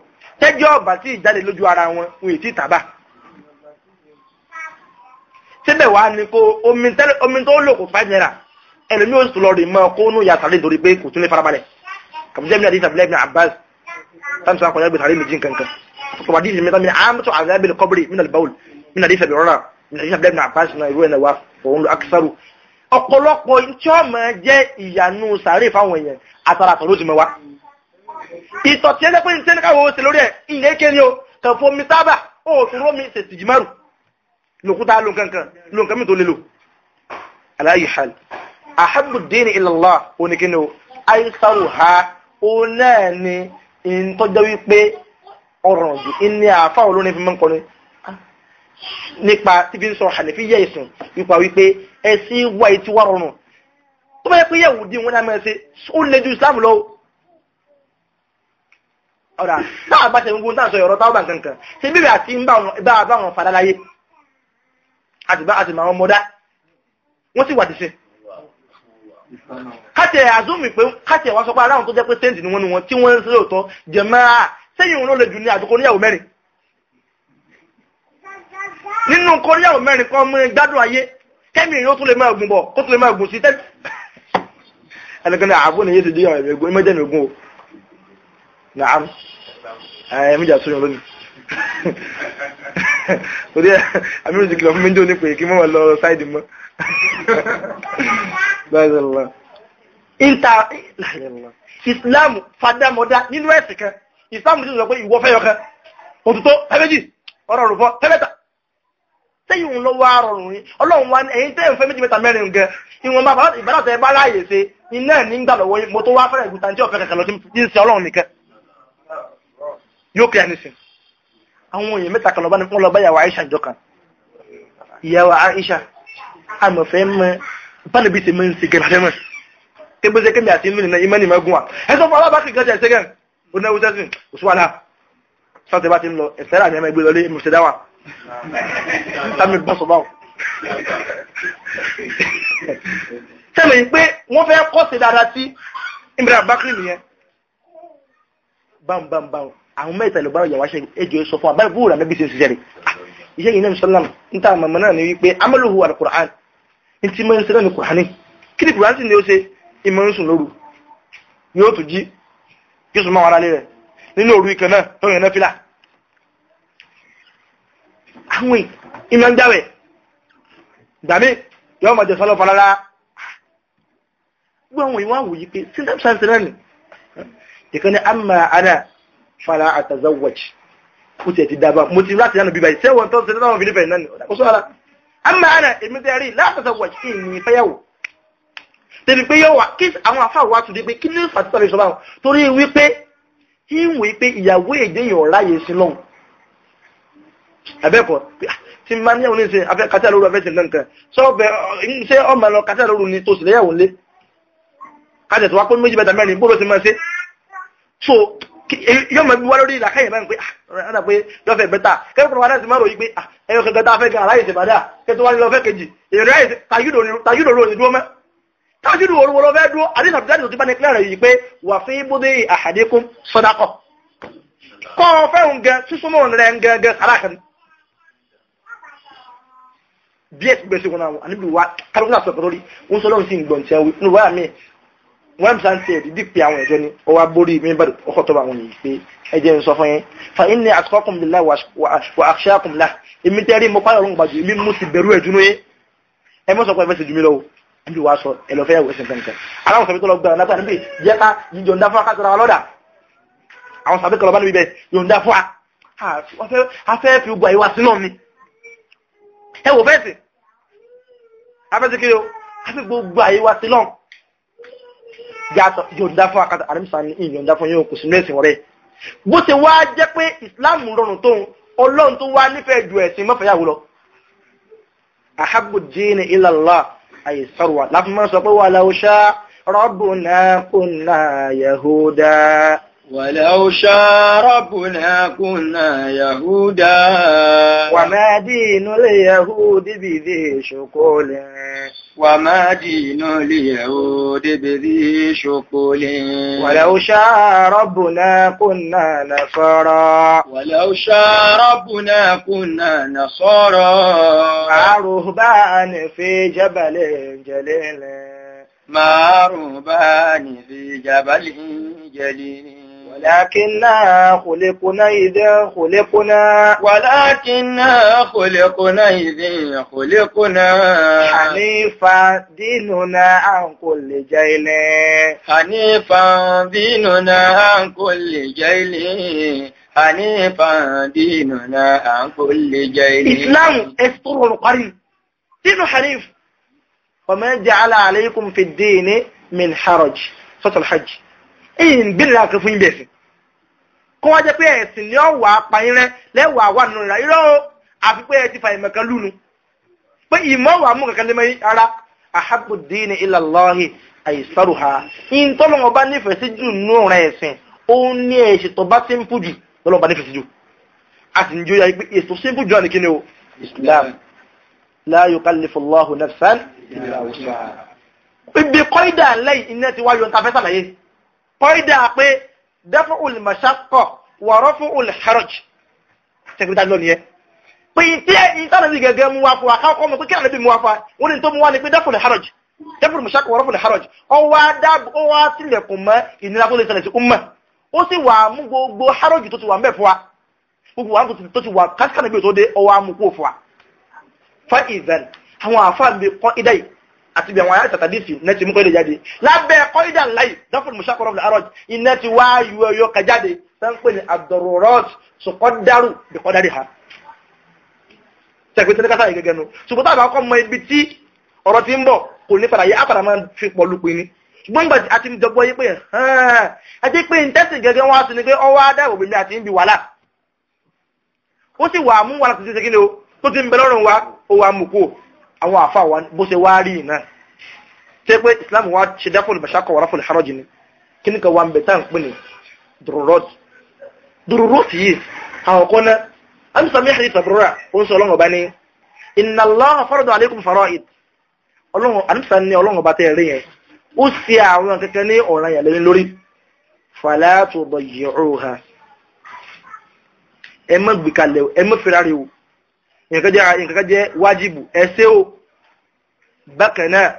tẹ́jọ́ ọ̀bà tí ìjáde lójú ara wọn wọn èsì tàbá síbẹ̀ wá ni kó omi tó lò kò five naira ẹlòmí ó sùn lọ rè mọ́ kó nù yàtọ̀ lè dorí pé kò tún lè farabalẹ̀ kàbíjẹ́ mi àti ìsàbílẹ̀ mi Abbas táwọn sọ akọ̀yẹ́ gbèsè àrẹ méjì kankan kò wàdí ìsinmi tán mi àmọ́tò ah, àzábìlì kọ́bìrì mí nàlẹ́ báwùl mí nàlẹ́ ìsàbí rọ́rà mí nàlẹ́ ìsàbílẹ̀ mi Abbas náà ìrú ìtọ̀ tí ẹjẹ́ pé ní tẹ́lẹ̀ káwọ́ ṣe lórí ẹ̀ ilé kéré o kàn fún omi sábà ó tún rómi ṣe sì jìmárù lòkúta ló nǹkan kan ló nǹkan mi tó lélo aláyì hàn ahabbu dini ilallah oníkíni o àìsàrò ha ó náà ni ìtọ́jọ́ wípé ọ̀ràn jù ní àáfà olórin fi máa ń kọ́ni nípa tí fi ń sọ hànífíyà ìsìn nípa wípé ẹ̀sìn wáyé ti wá rọrùn tó bá yẹ pé yẹ̀wò dín wọn náà mẹ́rin ṣe ó le ju islam lọ́wọ́ ọ̀rà táà bá ṣe gbogbo táà sọ ọ̀rọ̀ táwọn bá nǹkan ṣe bíbí àti ń bá bá wọn fàdá láyé àti bá àti màwọn mọ́dá wọ́n sì wà ti ṣe káṣẹ̀ àzúmì pé káṣẹ̀ wá sọ pé aráhùn tó jẹ́ pé tẹ́ǹtì ni wọ́n ni wọ́n tí wọ́n ń ṣe òótọ́ jẹ̀máà sẹ́yìn òun ló le jù ní àdúkọ oníyàwó mẹ́rin nínú kóríyàwó mẹ́rin kan mú gbádùn ayé kẹ́mì yóò tún lè máa gùn bọ̀ kó tún lè máa gùn sí tẹ́lẹ̀ ẹlẹ́gbẹ̀rẹ̀ àbúrò ní yéṣù díyàwó ẹ̀gbọ́n mẹ́jẹ̀ ní ogun o nàám Eh, ẹ̀míjà sóyún lónìí [LAUGHS] torí ẹ amírù ti kìlọ̀ fún mi ń jò ní pé kí mọ́ lọ sáìdì mọ́ láìsọ̀lá ìta ìsìláàmù fàdámọ́dá nínú ẹ̀sìn kan Islam ti sọ pé ìwọ fẹ́yọ kan òtútó ẹ̀mẹ́jì ọ̀rọ̀ rùfọ́ tẹ́lẹ̀ta sẹ́yìn òun ló wá rọrùn rí ọlọ́run wa ẹ̀yin tẹ́ ìfẹ́ méjì mẹ́ta mẹ́rin gan ìwọ̀n bá ìbára tẹ bá ráàyè ṣe iná ẹ̀ nígbà lọ́wọ́ mo tó wá fẹ́rẹ̀ ìgbìtàn tí ọ̀fẹ́ kẹ̀kẹ́ lọ sí ọlọ́run nìkan yóò clear nísìn àwọn èèyàn mẹ́ta kan lọ bá ní wọ́n lọ ìyàwó Aisha jọ kan ìyàwó Aisha àmọ̀fẹ́ mọ báni bí ti mọ ní sìgẹ̀ bàtẹ́ mọ̀ kébé ṣe kémi àti mílì náà ìmọ̀ni mẹ́gun wa ẹ sọ fún alábàákì kan jẹ́ ṣẹ́gẹ̀ ó náwó sẹ́sìn kò sí wàhálà sọ́ọ̀tì bá ti ń lọ ẹ̀sẹ̀ rà ní ẹ̀mẹ́ gbé lọlé mùsùlùmí dáwà tàbí bá sọ báwò sẹ́mi pé wọ́n fẹ́ kọ́ sí dáadáa sí Ibrahim Bakri nìyẹn bámbámbáwò àwọn mẹ́ta ló bá yàwá ṣe ẹjọ́ sọ fún abáyé búrò àmẹ́bí ṣe ṣiṣẹ́ rẹ̀ ah, iṣẹ́ yìí náà sọ́lá níta àmàmà náà ni wípé amẹ́lòhù alukur'an ní tí mọ́ ń ṣe náà ní kùránì kí ni kùránì ni ó ṣe ìmọ̀ ń sùn lóru yóò tún jí yóò sùn máa wàrà lé rẹ̀ nínú òru ìkan náà tó yẹn náà fìlà àwọn ìmọ̀ ń jáwẹ̀ gbàmí yóò máa jẹ fọlọ́lá gbọ́ fara àtàzáwọ̀jì ó ti ẹ̀ ti dábàá mo ti láti lánàá bíbá yìí sẹ́wọ̀n tó ṣe láwọn fìdí fẹ̀yìn náà ni ó sọ ara àmà àná èmi tẹ́ rí látàzáwọ̀jì kí ni ìfẹ́yàwó tẹ̀bi pé yóò wá kí àwọn afá wa tún di pé kí ní fàtítà lè sọ báwọn torí wípé ìwé pé ìyàwó èdè yàn ráyè sí lọ́hùn abẹ́kọ̀ ah, tí ma ní ẹ̀wọ̀n ní ṣe abẹ́ kátà lóru abẹ́ tẹ̀lé nǹkan sọ́ọ̀bẹ̀ ṣé ọmọ lọ kátà lóru ni tó sì lẹ́yàwó so yóò mọ̀ bí wá lórí ìlàkàyè mẹ́rin pé ah, ọ̀nà pé yóò fẹ́ bẹ́tà kẹ́kọ̀ọ́ wọn láti mọ̀rọ̀ yìí pé ẹyọ kẹkẹ tá a fẹ́ gan aláyè ṣe bàdà kẹtọ́ wá ní lọ́fẹ́ kejì èrè àyè tajúdò ló ní dúró mẹ́ tajúdò wo ló fẹ́ dúró àdéhùn àbújáde tó ti bá ní kílẹ̀ rẹ̀ yìí pé wà fí bóde àhàdékún sọdakọ. kọ́ ọ fẹ́hùn gan sísúnmọ́ rẹ̀ ń gan gan aláàkàn. bí ẹ ti gbèsè wọn àwọn àníbi wà kálukú náà sọ̀rọ̀ lórí wọn sọ lọ́run sí ìgbọ̀ntẹ́wé nínú wáyà míì wọ́n ti sáńtì ẹ̀dídì pé àwọn ẹ̀jọ́ ni ó wá borí mi bá ọkọ̀ tó bá wọn yìí pé ẹ̀jẹ̀ sọ fún yín fa inni atqakum lillahi wa akhshakum lahu èmi tẹ́rí mo pààrọ̀ ọ̀run gbàjú èmi mú ti bẹ̀rù ẹ̀dùnú yín ẹ mọ́ sọ pé ẹ fẹ́ ṣe jù mí lọ́wọ́ níbi wàá sọ ẹ lọ fẹ́ yàwó ẹsẹ̀ nǹkan aláwọ̀ sọ̀bí tó lọ gbà nípa níbi jẹ́ ká yọ̀ǹda fún akásọ̀rọ̀ àwọn lọ́dà àwọn sọ̀bí kan lọ bá níbi bẹ́ẹ̀ yọ̀ǹda fún a afẹ́ fi gbà ìwà sínú mi ẹ wò fẹ́ẹ̀sì afẹ́ sí kiri o afẹ́ gbogbo àyíwá sínú mi yàtọ̀ yọ̀ǹda fún akátá àrẹ́mísà ní ìyọ̀ǹda fún yóò kù sínú ẹ̀sìn ọ̀rẹ́ bó ti wá jẹ́ pé ìsìláàmù rọrùn tó ń ọlọ́run tó wá nífẹ̀ẹ́ ju ẹ̀sìn mọ́fẹ̀yàwó lọ. ahabbu dini ila Allah ayé sọ̀rọ̀ láfi máa sọ pé wà
láwùṣá rabbuna kunna yahuda. ولو شاء ربنا كنا يهودا وما دين اليهود بذي شكول وما دين اليهود بذي شكول ولو شاء ربنا كنا نصارى ولو شاء ربنا كنا نصارى مع رهبان في جبل جليل مع رهبان في جبل جليل ولكنها خلقنا إذا خلقنا ولكنها خلقنا إذا خلقنا حنيفا ديننا عن كل جيل حنيفا ديننا عن كل جيل حنيفا ديننا عن كل جيل
إسلام استر القرن دين حنيف وما جعل عليكم في الدين من حرج فصل الحج èyí بالله كفوين láàkí kó wá jẹ́ pé ẹ̀sìn ní ọ̀wà apayínrẹ́ lẹ́wà wà nínú ìrà irọ́ o àfi pé ẹ ti fa ìmọ̀ kan lúnu pé ìmọ̀ wà mú kankan lẹ́mọ̀ ara ahabbu dini ila Allahi àìsàrùhà in tọ́lọ́wọ́ bá nífẹ̀ẹ́ sí jù nínú ọ̀rọ̀ ẹ̀sìn ó ní ẹ̀ṣẹ̀ tó bá ti ń fújù lọ́lọ́wọ́ bá nífẹ̀ẹ́ sí jù a sì ń jó ya pé èso sí ń fújù àní kíni o Islam la yukallifu Allahu nafsan illa ibi kọ́ídà lẹ́yìn iná ti wáyọ̀ ń ta fẹ́ sàlàyé kọ́ídà pé daf'ul mashaqqa wa raf'ul haraj haroji lónìí yẹ pé tí ìtànàbí gẹ́gẹ́ mú wá fún wa káwọn kọ́mọ pé kí ànàbí mú wá fún wa wọ́n ní tó mú wá ní pé daf'ul haraj daf'ul mashaqqa wa raf'ul haraj ọwọ́ adáb ọwọ́ tilẹ̀kùn mọ́ gbogbo haraj ti wa gbogbo wa tó ti wà kásìkànàbí tó dé ọwọ́ amúkú fún wa fa ìzẹ̀n àwọn àfáà mi àti bẹ̀wọ̀n ayé àtàdísì iná ti mú kọ́ èdè jáde lábẹ́ kọ́ídà láì dáfún mùsàkọ̀rọ̀ àrọ̀j iná ti wá yọ ọyọ ka jáde sáńpẹ́ ní àdọ̀rọ̀rọ̀t sọ̀kọ́dárù bìkọ́dárì ha tẹ̀pẹ́ tẹ́lẹ́kátà yìí gẹ́gẹ́ nu ṣùgbọ́n táwọn akọ́ mọ ibi tí ọ̀rọ̀ ti ń bọ̀ kò ní padà yẹ àpàdà máa fi pọ̀ lù pin ni ṣùgbọ́n gbàtí àti ìjọgbọ́ yí pé hàn àti pé ìtẹ́sì gẹ́gẹ́ wọn á ti ní pé ọwọ́ adáàbò mi àti ń bi wàhálà ó sì wà mú wàhálà tuntun ṣe kí ni o tó ti ń bẹ lọ́rùn wa ó wà mú kú o àwọn àfà wa bó ṣe wá rí náà tẹ́ pé islam wa ṣe dáfọ́ olùbàṣàkọ̀ wàrà fún ni kí ni kan wa ń bẹ̀ tá à ń pè ní yìí àwọn kan náà àmì sàmì inna Allaha farada alaykum fara'id ọlọ́run àmìsà ní ọlọ́run ọba tẹ́ rí yẹn ó ṣe àwọn kankan ní ọ̀ràn ẹ nǹkan kan jẹ́ wájìbù ẹ̀ṣẹ̀ o bákan náà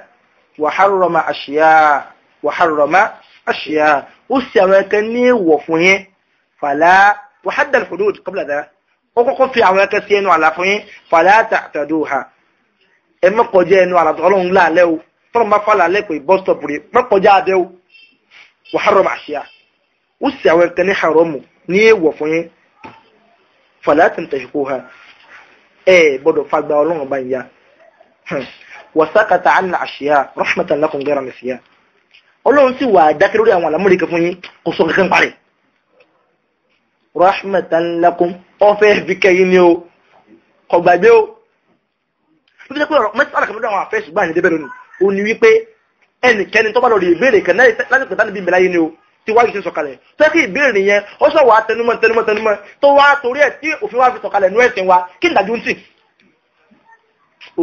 wàhárọ̀mà àṣìyá wàhárọ̀mà àṣìyá ó sì àwọn ẹ̀kẹ́ ní ìwọ̀ fún yín fàlá wàhádàl hudud kọ́bùlà dára ó kọ́kọ́ fi àwọn ẹ̀kẹ́ sí ẹnu àlà fún yín fàlá tàdó ha ẹ má ẹnu àlà tọ́lọ́hún láàlẹ́ o tọ́lọ́hún bá fàlà alẹ́ pé bọ́ stọ̀pù rẹ̀ má kọjá o wàhárọ̀mà àṣìyá ó sì àwọn ẹ̀kẹ́ ní haramu ní ìwọ̀ fún yín fàlá tàdó ha ẹ gbọ́dọ̀ fagbá ọlọ́run bá ń ya wasakata anna àṣìyà rahmatan lakum gẹ́ra nìṣìyà ọlọ́run sì wà dákẹ́ lórí àwọn àlámúrí kan fún yín kò sọ kankan parí rahmatan lakum ọfẹ́ fi kẹ́yìn ni o kò gbàgbé o ló fi jẹ́ pé ọ̀rọ̀ mẹ́sàn-án àwọn àfẹ́ ṣùgbọ́n àyẹ̀dẹ́bẹ̀ lónìí ó ní wípé ẹnikẹ́ni tó bá lọ rí ìbéèrè kan láti pẹ̀tánibí mi láyé ni o tí wáyé ṣe sọ̀kalẹ̀ tẹ́kì ìbéèrè yẹn ó sọ wà tẹnumọ́ tẹnumọ́ tẹnumọ́ tó wá torí ẹ̀ tí òfin wá fi sọ̀kalẹ̀ nú ẹ̀sìn wa kí n dájú ń sìn.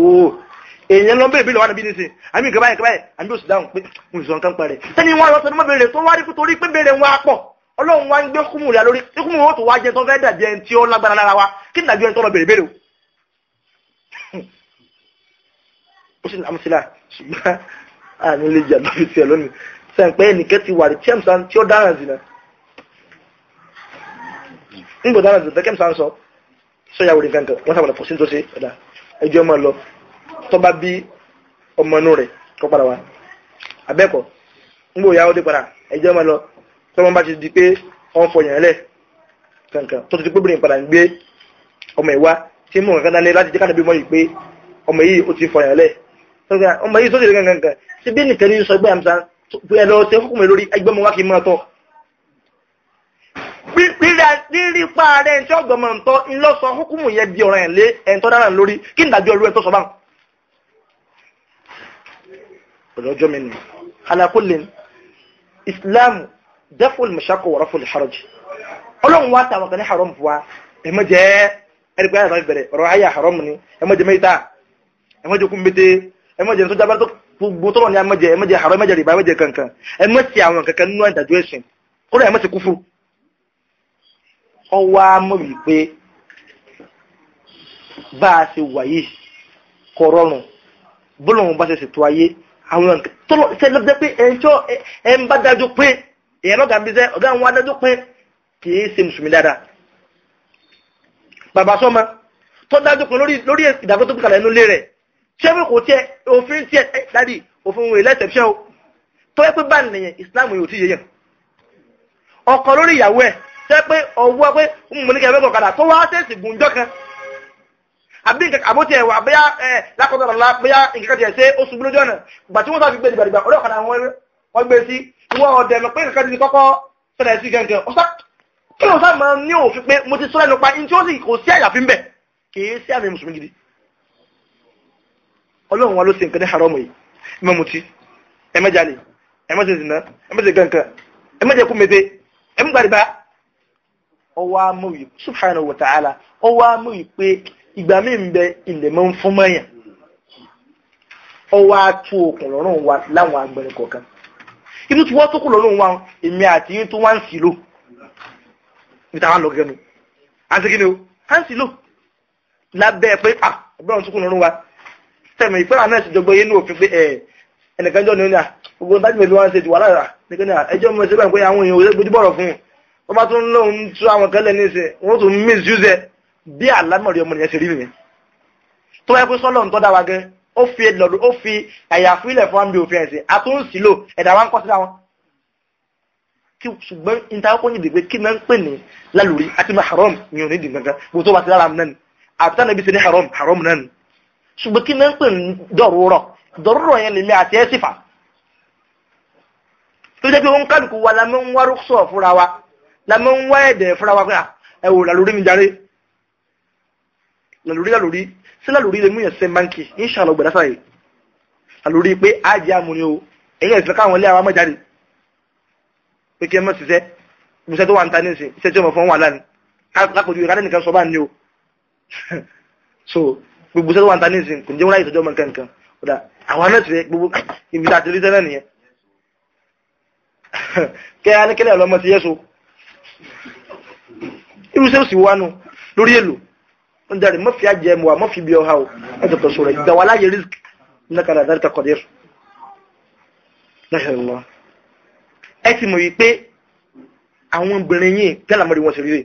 ooo èèyàn lọ bèèrè bí lọ́wọ́ níbi nísìn àmì ìgbà báyìí báyìí àmì òsì dáhùn pé mo sọ nǹkan parẹ́ tẹ́ni wọn lọ tẹnumọ́ béèrè tó wá rí kú torí pé béèrè wọn pọ̀ ọlọ́run wá ń gbé kúmù rẹ̀ lórí kúmù wọn tó wá jẹ tó fẹ́ dàbí ẹni tí ó lágbára lára wa kí n dàbí ẹni tó lọ béèrè béèrè o. ó sì ní àmúṣílá ṣùgbọ́n àmì ilé ìjà lọ́fíìsì ẹ̀ sẹ̀pẹ́ ẹnìkẹ́ ti wà ní chemsan tí ó dára zina nígbà dára zina chemsan sọ sọ ìyàwó nìkan kan wọ́n sábàdà fòsí tó ṣe ẹ̀dá ẹjọ́ ọmọ lọ tó bá bí ọmọ inú rẹ̀ kó padà wá abẹ́kọ̀ nígbà ìyàwó dé padà ẹjọ́ ọmọ lọ tó bá ti di pé ọ̀n fọyàn lẹ̀ kankan tó ti pé obìnrin padà ń gbé ọmọ ìwá tí mú nǹkan dání láti jẹ́ kánàbí mọ́ yìí pé ọmọ yìí ó ti fọyàn lẹ̀ ọmọ yìí tó ti rí kankan kankan síbí nìkan ní sọ gbé àmì ẹ̀lọ ṣe fúnkùnmẹ̀ lórí ẹgbẹ́ mọ́ wá kí mọ́ tọ́ rírí pa ààrẹ ẹ̀ntí ọgbọ̀mọ̀ ǹtọ́ ńlọ́sọ fúnkùnmù yẹ di ọ̀rọ̀ ẹ̀lé ẹ̀ntọ́ dára lórí kí ìdájọ́ ìlú ẹ̀ntọ́ sọ́bà ọjọ́ mi ni alakulin islam daful mashako wa raful haraj ọlọ́run wá tàwọn kan haram fún wa ẹ̀mọ́ jẹ́ ẹ̀rìgbẹ́ àrà ìbẹ̀rẹ̀ ọ̀rọ̀ ayé haram ni ẹ̀mọ́ jẹ́ mẹ́ta ẹ̀mọ́ jẹ́ kúmbété ẹ̀mọ́ jẹ́ tó jábá gbogbo tọ́lọ̀ ní ẹmọ́jẹ ẹmọ́jẹ àrọ́ ẹmọ́jẹ rìbá kankan ẹmọ́sì àwọn kankan nínú ẹ̀dàjú ẹ̀sìn kódà ẹmọ́sì kúfù ọwọ́ mọ̀ wípé bá a ṣe wà yìí kọ rọrùn bọ́lọ̀hún bá ṣe ṣètò ayé àwọn tọ́lọ̀ ṣe ló ma lori lori e, ṣẹ́bí kò tiẹ̀ òfin tiẹ̀ eh, dádì òfin òun ìlẹ́sẹ̀ ṣẹ́ o tó yẹ pé bá nìyẹn ìsìláàmù yóò ti yẹ yẹn ọkọ lórí ìyàwó ẹ̀ tẹ́ pé ọwọ́ pé mo ní kẹ́ ẹgbẹ́ ọ̀kadà tó wá sẹ́ẹ̀sì gùnjọ́ kan àbí nǹkan àbótí ẹ̀wà bóyá ẹ̀ lákọ̀ọ́dọ̀rọ̀ lá bóyá nǹkan tiẹ̀ ṣe ó ṣubú lójú ọ̀nà gbà tí wọ́n sáfi gbé dìgbàdìgbà orí ọ̀kadà wọn gbé sí wọn ọ̀dẹ̀ mọ̀ pé nǹkan ti kọ́kọ́ ṣẹlẹ̀ sí gẹ̀ǹgẹ̀ ọ̀sá kí ló sá máa ní òfin pé mo ti sọ ẹnu pa ní tí ó sì kò sí àyàfi ń bẹ̀ kì í sí àmì mùsùlùmí gidi ọlọ́run wa ló ṣe nǹkan ní haramu yìí ẹ má mutí ẹ mebe ọwọ́ amóyè subhanahu wa ta'ala ọwọ́ amóyè pé ìgbà mi ń bẹ ilẹ̀ mọ́ ń fún mọ́yàn ọwọ́ atú okùn lọ́rùn wa láwọn agbẹ̀rẹ̀ kọ̀ọ̀kan inú tí wọ́n tó kù lọ́rùn wa èmi àti yín tó wá ń tẹ̀mọ̀ ìpẹ́rà náà ti jọgbọ́ inú òfin pé ẹ̀ ẹnìkan jọ ní oníyà gbogbo tájú pẹ̀lú wọn ṣe ti wà lára nìkan ní ẹjọ́ mọ̀ síbẹ̀ pé àwọn èèyàn òṣèlú gbójúbọ̀rọ̀ fún un wọ́n bá tún lóun tú àwọn kan lẹ́ níṣẹ́ wọ́n tún misuse bí àlámọ̀rí ọmọ nìyẹn ṣe rí nìyẹn tó wáyé pé sọ́lọ̀ ń tọ́ dá wa gan ó fi lọ́dún ó fi ẹ̀yà fílẹ̀ fún àmì òfin ẹ̀sìn àtúnṣì lò ẹ̀dá wa ń kọ́ sí àwọn kí ṣùgbọ́n ìtawọ́kọ́ ní ìdìgbé kí náà ń pè ní lálùrí àti máa haram ní òní ìdìgbàgbà gbogbo tó wà sí lára mi náà ni àbútá náà bí ṣe ní haram haram náà ni ṣùgbọ́n kí náà ń pè ní dọ̀rọ̀rọ̀ dọ̀rọ̀rọ̀ yẹn lèmi àti ẹ́ sífà tó jẹ́ pé wọ́n kálukú wa la máa ń wá rúkṣọ̀ fúnra wa la máa ń wá ẹ̀dẹ̀ fúnra wa pé ẹ wò làlórí mi járe làlórí làlórí sí làlórí lè mú yẹn sẹ́ báńkì inshallah gbẹ̀dá sáyé làlórí pé á jẹ́ amúni o ẹ̀yẹ́ ìsìnkú káwọn ilé àwọn mọ́jáde pé kí ẹ mọ́ ṣiṣẹ́ gbèsè tó wà ń ta ní ìsìn tí ọmọ fún wà lánìí lápòjú ìrádẹ́nìkan sọ bá ní o [LAUGHS] so gbogbo sẹ́wọ́n àǹtà nísìn kò ní jẹ́ wọ́n láyé ìtọ́jú ọmọ nǹkan kódà àwọn náà ti rẹ̀ gbogbo ibi tá a ti rí sẹ́nà nìyẹn [LAUGHS] kẹ́ á ní kílẹ̀ ọlọ́mọ ti yẹ́so irú sẹ́wọ́n sì wá nù lórí èlò ń darí mọ́ fi àjẹ mọ́ mọ́ fi bí ọha o ẹ̀ tọ̀tọ̀ sọ̀rọ̀ ìgbà wà láyé risk nígbàkadà dáríkà kọ̀dẹ́rù láṣẹ̀lọ́ ẹ ti mọ̀ wípé àwọn obìnrin yìí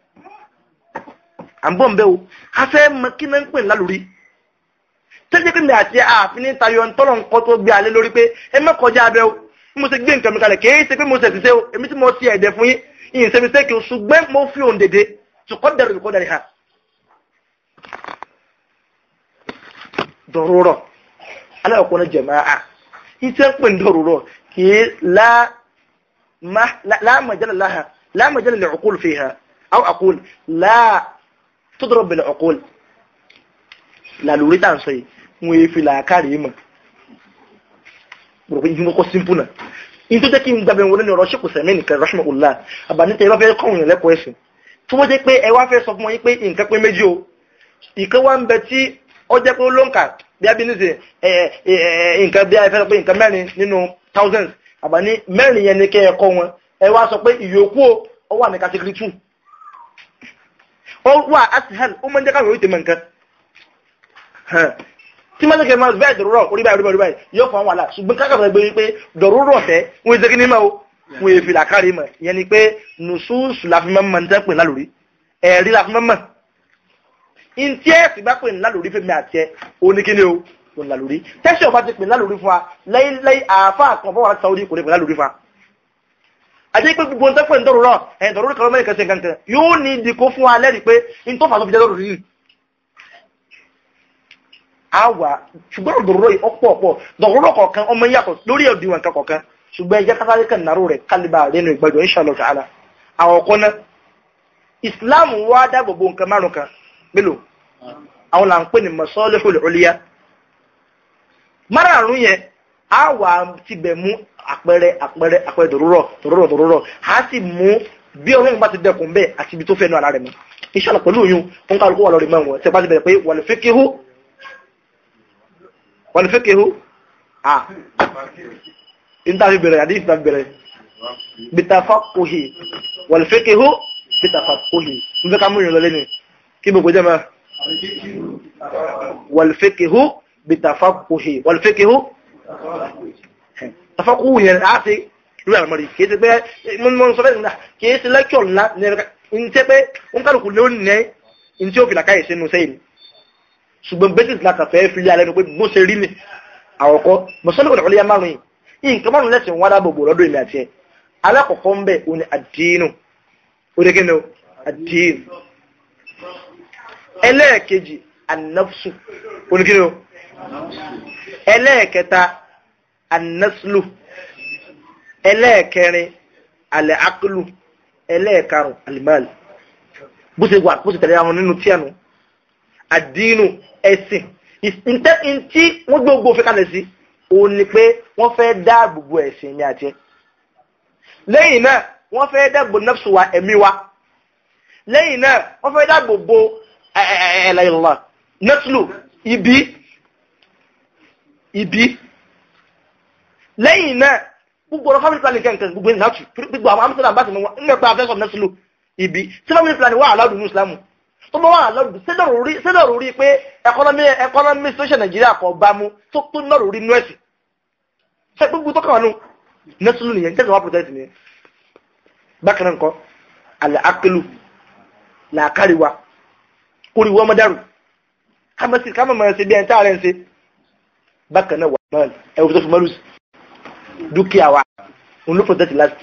à ń bọ̀ ń bẹ́ o a fẹ́ mọ kí náà ń pè lálórí tẹ́jẹ́ kí ni àti ààfin ní tayọ ntọ́lọ̀ nǹkan tó gbé alẹ́ lórí pé ẹ má kọjá abẹ́ o mo ṣe gbé nǹkan mi kalẹ̀ kìí ṣe pé mo ṣe ti ṣe o èmi tí mo ti ẹ̀dẹ̀ fún yín ìyìn ṣe mi ṣe kí o ṣùgbọ́n mo fi òun dèdè ṣùkọ́ dẹ̀rù ìkọ́ dẹ̀rù ha. dọ̀rọ̀rọ̀ aláwọ̀kọ́ ní jẹ̀máà iṣẹ́ ń pè ní dọ̀rọ̀rọ̀ kìí láàmàjẹ́lẹ̀ láha láàmàjẹ́lẹ̀ lẹ́ọ̀kúl fi ha تضرب بالعقول làlórí tà ń sọ yìí wọn èé fi làákàrí mọ̀ in tó jẹ́ kí n gbàgbé wọlé ní ọ̀rọ̀ ṣe kò sẹ̀mí nìkan rahman ullah àbáníta ẹ bá fẹ́ kọ́ òyìn lẹ́kọ̀ọ́ ẹ̀sìn tó wọ́n jẹ́ pé ẹ wá fẹ́ o ìkan wá ń bẹ tí ó jẹ́ pé ó a bí ní sè nǹkan bí ó wà ashal ó máa ń jẹ́ káwọn yóò tẹ̀ mọ nǹkan tí máa ń kẹ́ máa bẹ́ẹ̀ dọ̀rọ̀ orí báyìí orí báyìí yóò fọ́n wàhálà ṣùgbọ́n kákàtà gbé wípé dọ̀rọ̀ tẹ́ wọ́n ṣe kí ni máa wọ́n èfi làkàrí mọ̀ ìyẹn ni pé nùsùsù la fi máa ń mọ̀ ní tẹ́pẹ̀ lálórí ẹ̀rí la fi máa ń mọ̀ ní tí ẹ̀ sì bá pè ní lálórí fèmí àti ẹ̀ oníkíní o lálórí tẹ́sí ọ̀fà ti pè ní lálórí fún wa lẹ́yìn àáfà kan fọwọ́ láti sáwọ́dí kò lè pè lálórí fún wa àti pé gbogbo ń tẹ́pẹ̀ ń dọ̀rọ̀ rọ̀ ẹ̀yìn dọ̀rọ̀ kan lọ́mọ́lẹ̀ kẹsẹ̀ kankan yóò ní ìdí kó fún wa lẹ́rìí pé in tó fà tó fi jẹ́ dọ̀rọ̀ yìí àwà ṣùgbọ́n dọ̀rọ̀ yìí ọ̀pọ̀ ọ̀pọ̀ dọ̀rọ̀ kọ̀ọ̀kan ọmọ yàtọ̀ lórí òdiwọ̀n kan kọ̀ọ̀kan ṣùgbọ́n ẹjẹ́ kátàlẹ́ kan nàró rẹ̀ kálíbà rẹ̀ ìgbàjọ inshallah ta'ala àwọn náà Islam wá dá gbogbo nǹkan márùn kan mélòó àwọn là ń pè ní masalihul uliya márààrún yẹn a wà tibẹ̀ mú àpẹẹrẹ àpẹẹrẹ àpẹẹrẹ dòrórọ̀ dòrórọ̀ dòrórọ̀ a sì mú bí ọlọ́run bá ti dẹkùn bẹ́ẹ̀ àti ibi tó fẹ́ nu ara rẹ̀ mọ́ inshallah pẹ̀lú oyún fún kálukú wà lórí mọ́ wọn tẹ́ bá ti bẹ̀rẹ̀ pé wal fiqhu wal fiqhu à níta fi bẹ̀rẹ̀ àdéhùn ta fi bẹ̀rẹ̀ bitafaqquhi wal fiqhu bitafaqquhi n fẹ́ ká mú ìrìn lọ lẹ́nu kí gbogbo jẹ́ mọ́ wal fiqhu bitafaqquhi wal fiqhu tafọ́kù yẹn á ṣe lórí àlùmọ́rí kìí ṣe pé mọ́ sọ bẹ́ẹ̀ kìí ṣe lẹ́kṣọ̀ ńlá ní ṣe pé ń kálukú ló ń nẹ́ ní tí ó fi làkàyè sínú sẹ́yìn ṣùgbọ́n bẹ́sìs láta fẹ́ fi lé alẹ́ nu pé bó ṣe rí ni àwọ̀kọ́ mọ̀sánlẹ̀ ọ̀dọ̀ ọ̀lẹ́yà márùn-ún yìí nǹkan márùn-ún lẹ́sìn wọn dábòbò lọ́dọ̀ èmi àti ẹ̀ alákọ̀ọ́kọ́ ń bẹ̀ ò ní àdínù ó dé kíni o àdínù ẹlẹ́ẹ̀kejì ànáfsù ó ní kíni o ẹlẹ́ẹ̀kẹta anaslu ẹlẹ́ẹ̀kẹrin alẹ́ akulu ẹlẹ́ẹ̀karùn alimali bó ṣe wà bó ṣe tẹ̀lé àwọn nínú tíyànú àdínú ẹ̀sìn tí wọ́n gbogbo fi kalẹ̀ sí òun ni pé wọ́n fẹ́ dáàbòbò ẹ̀sìn mi àti lẹ́yìn náà wọ́n fẹ́ dáàbòbò nafsu wa ẹ̀mí wa lẹ́yìn náà wọ́n fẹ́ dáàbòbò ẹ̀ẹ́lẹ́yìnlá nẹ́tùlù ibi ibi lẹ́yìn náà gbogbo ọ̀rọ̀ family planning kẹ́kẹ́ gbogbo ẹni láti gbogbo àwọn amúsílẹ̀ àbáṣe wọn nílẹ̀ pé afẹ́sọ̀ náà sílò ibi tí family planning wà aláàdùn ní ìsìlámù tó bá wà aláàdùn sílẹ̀ rò rí pé economy economy social Nigeria kò bá mu tó tó náà rí nú bákan náà wà mọ́ọ̀lù ẹ̀wọ̀n tó fi mọ́ọ̀lù dúkìá wa òun ló protect last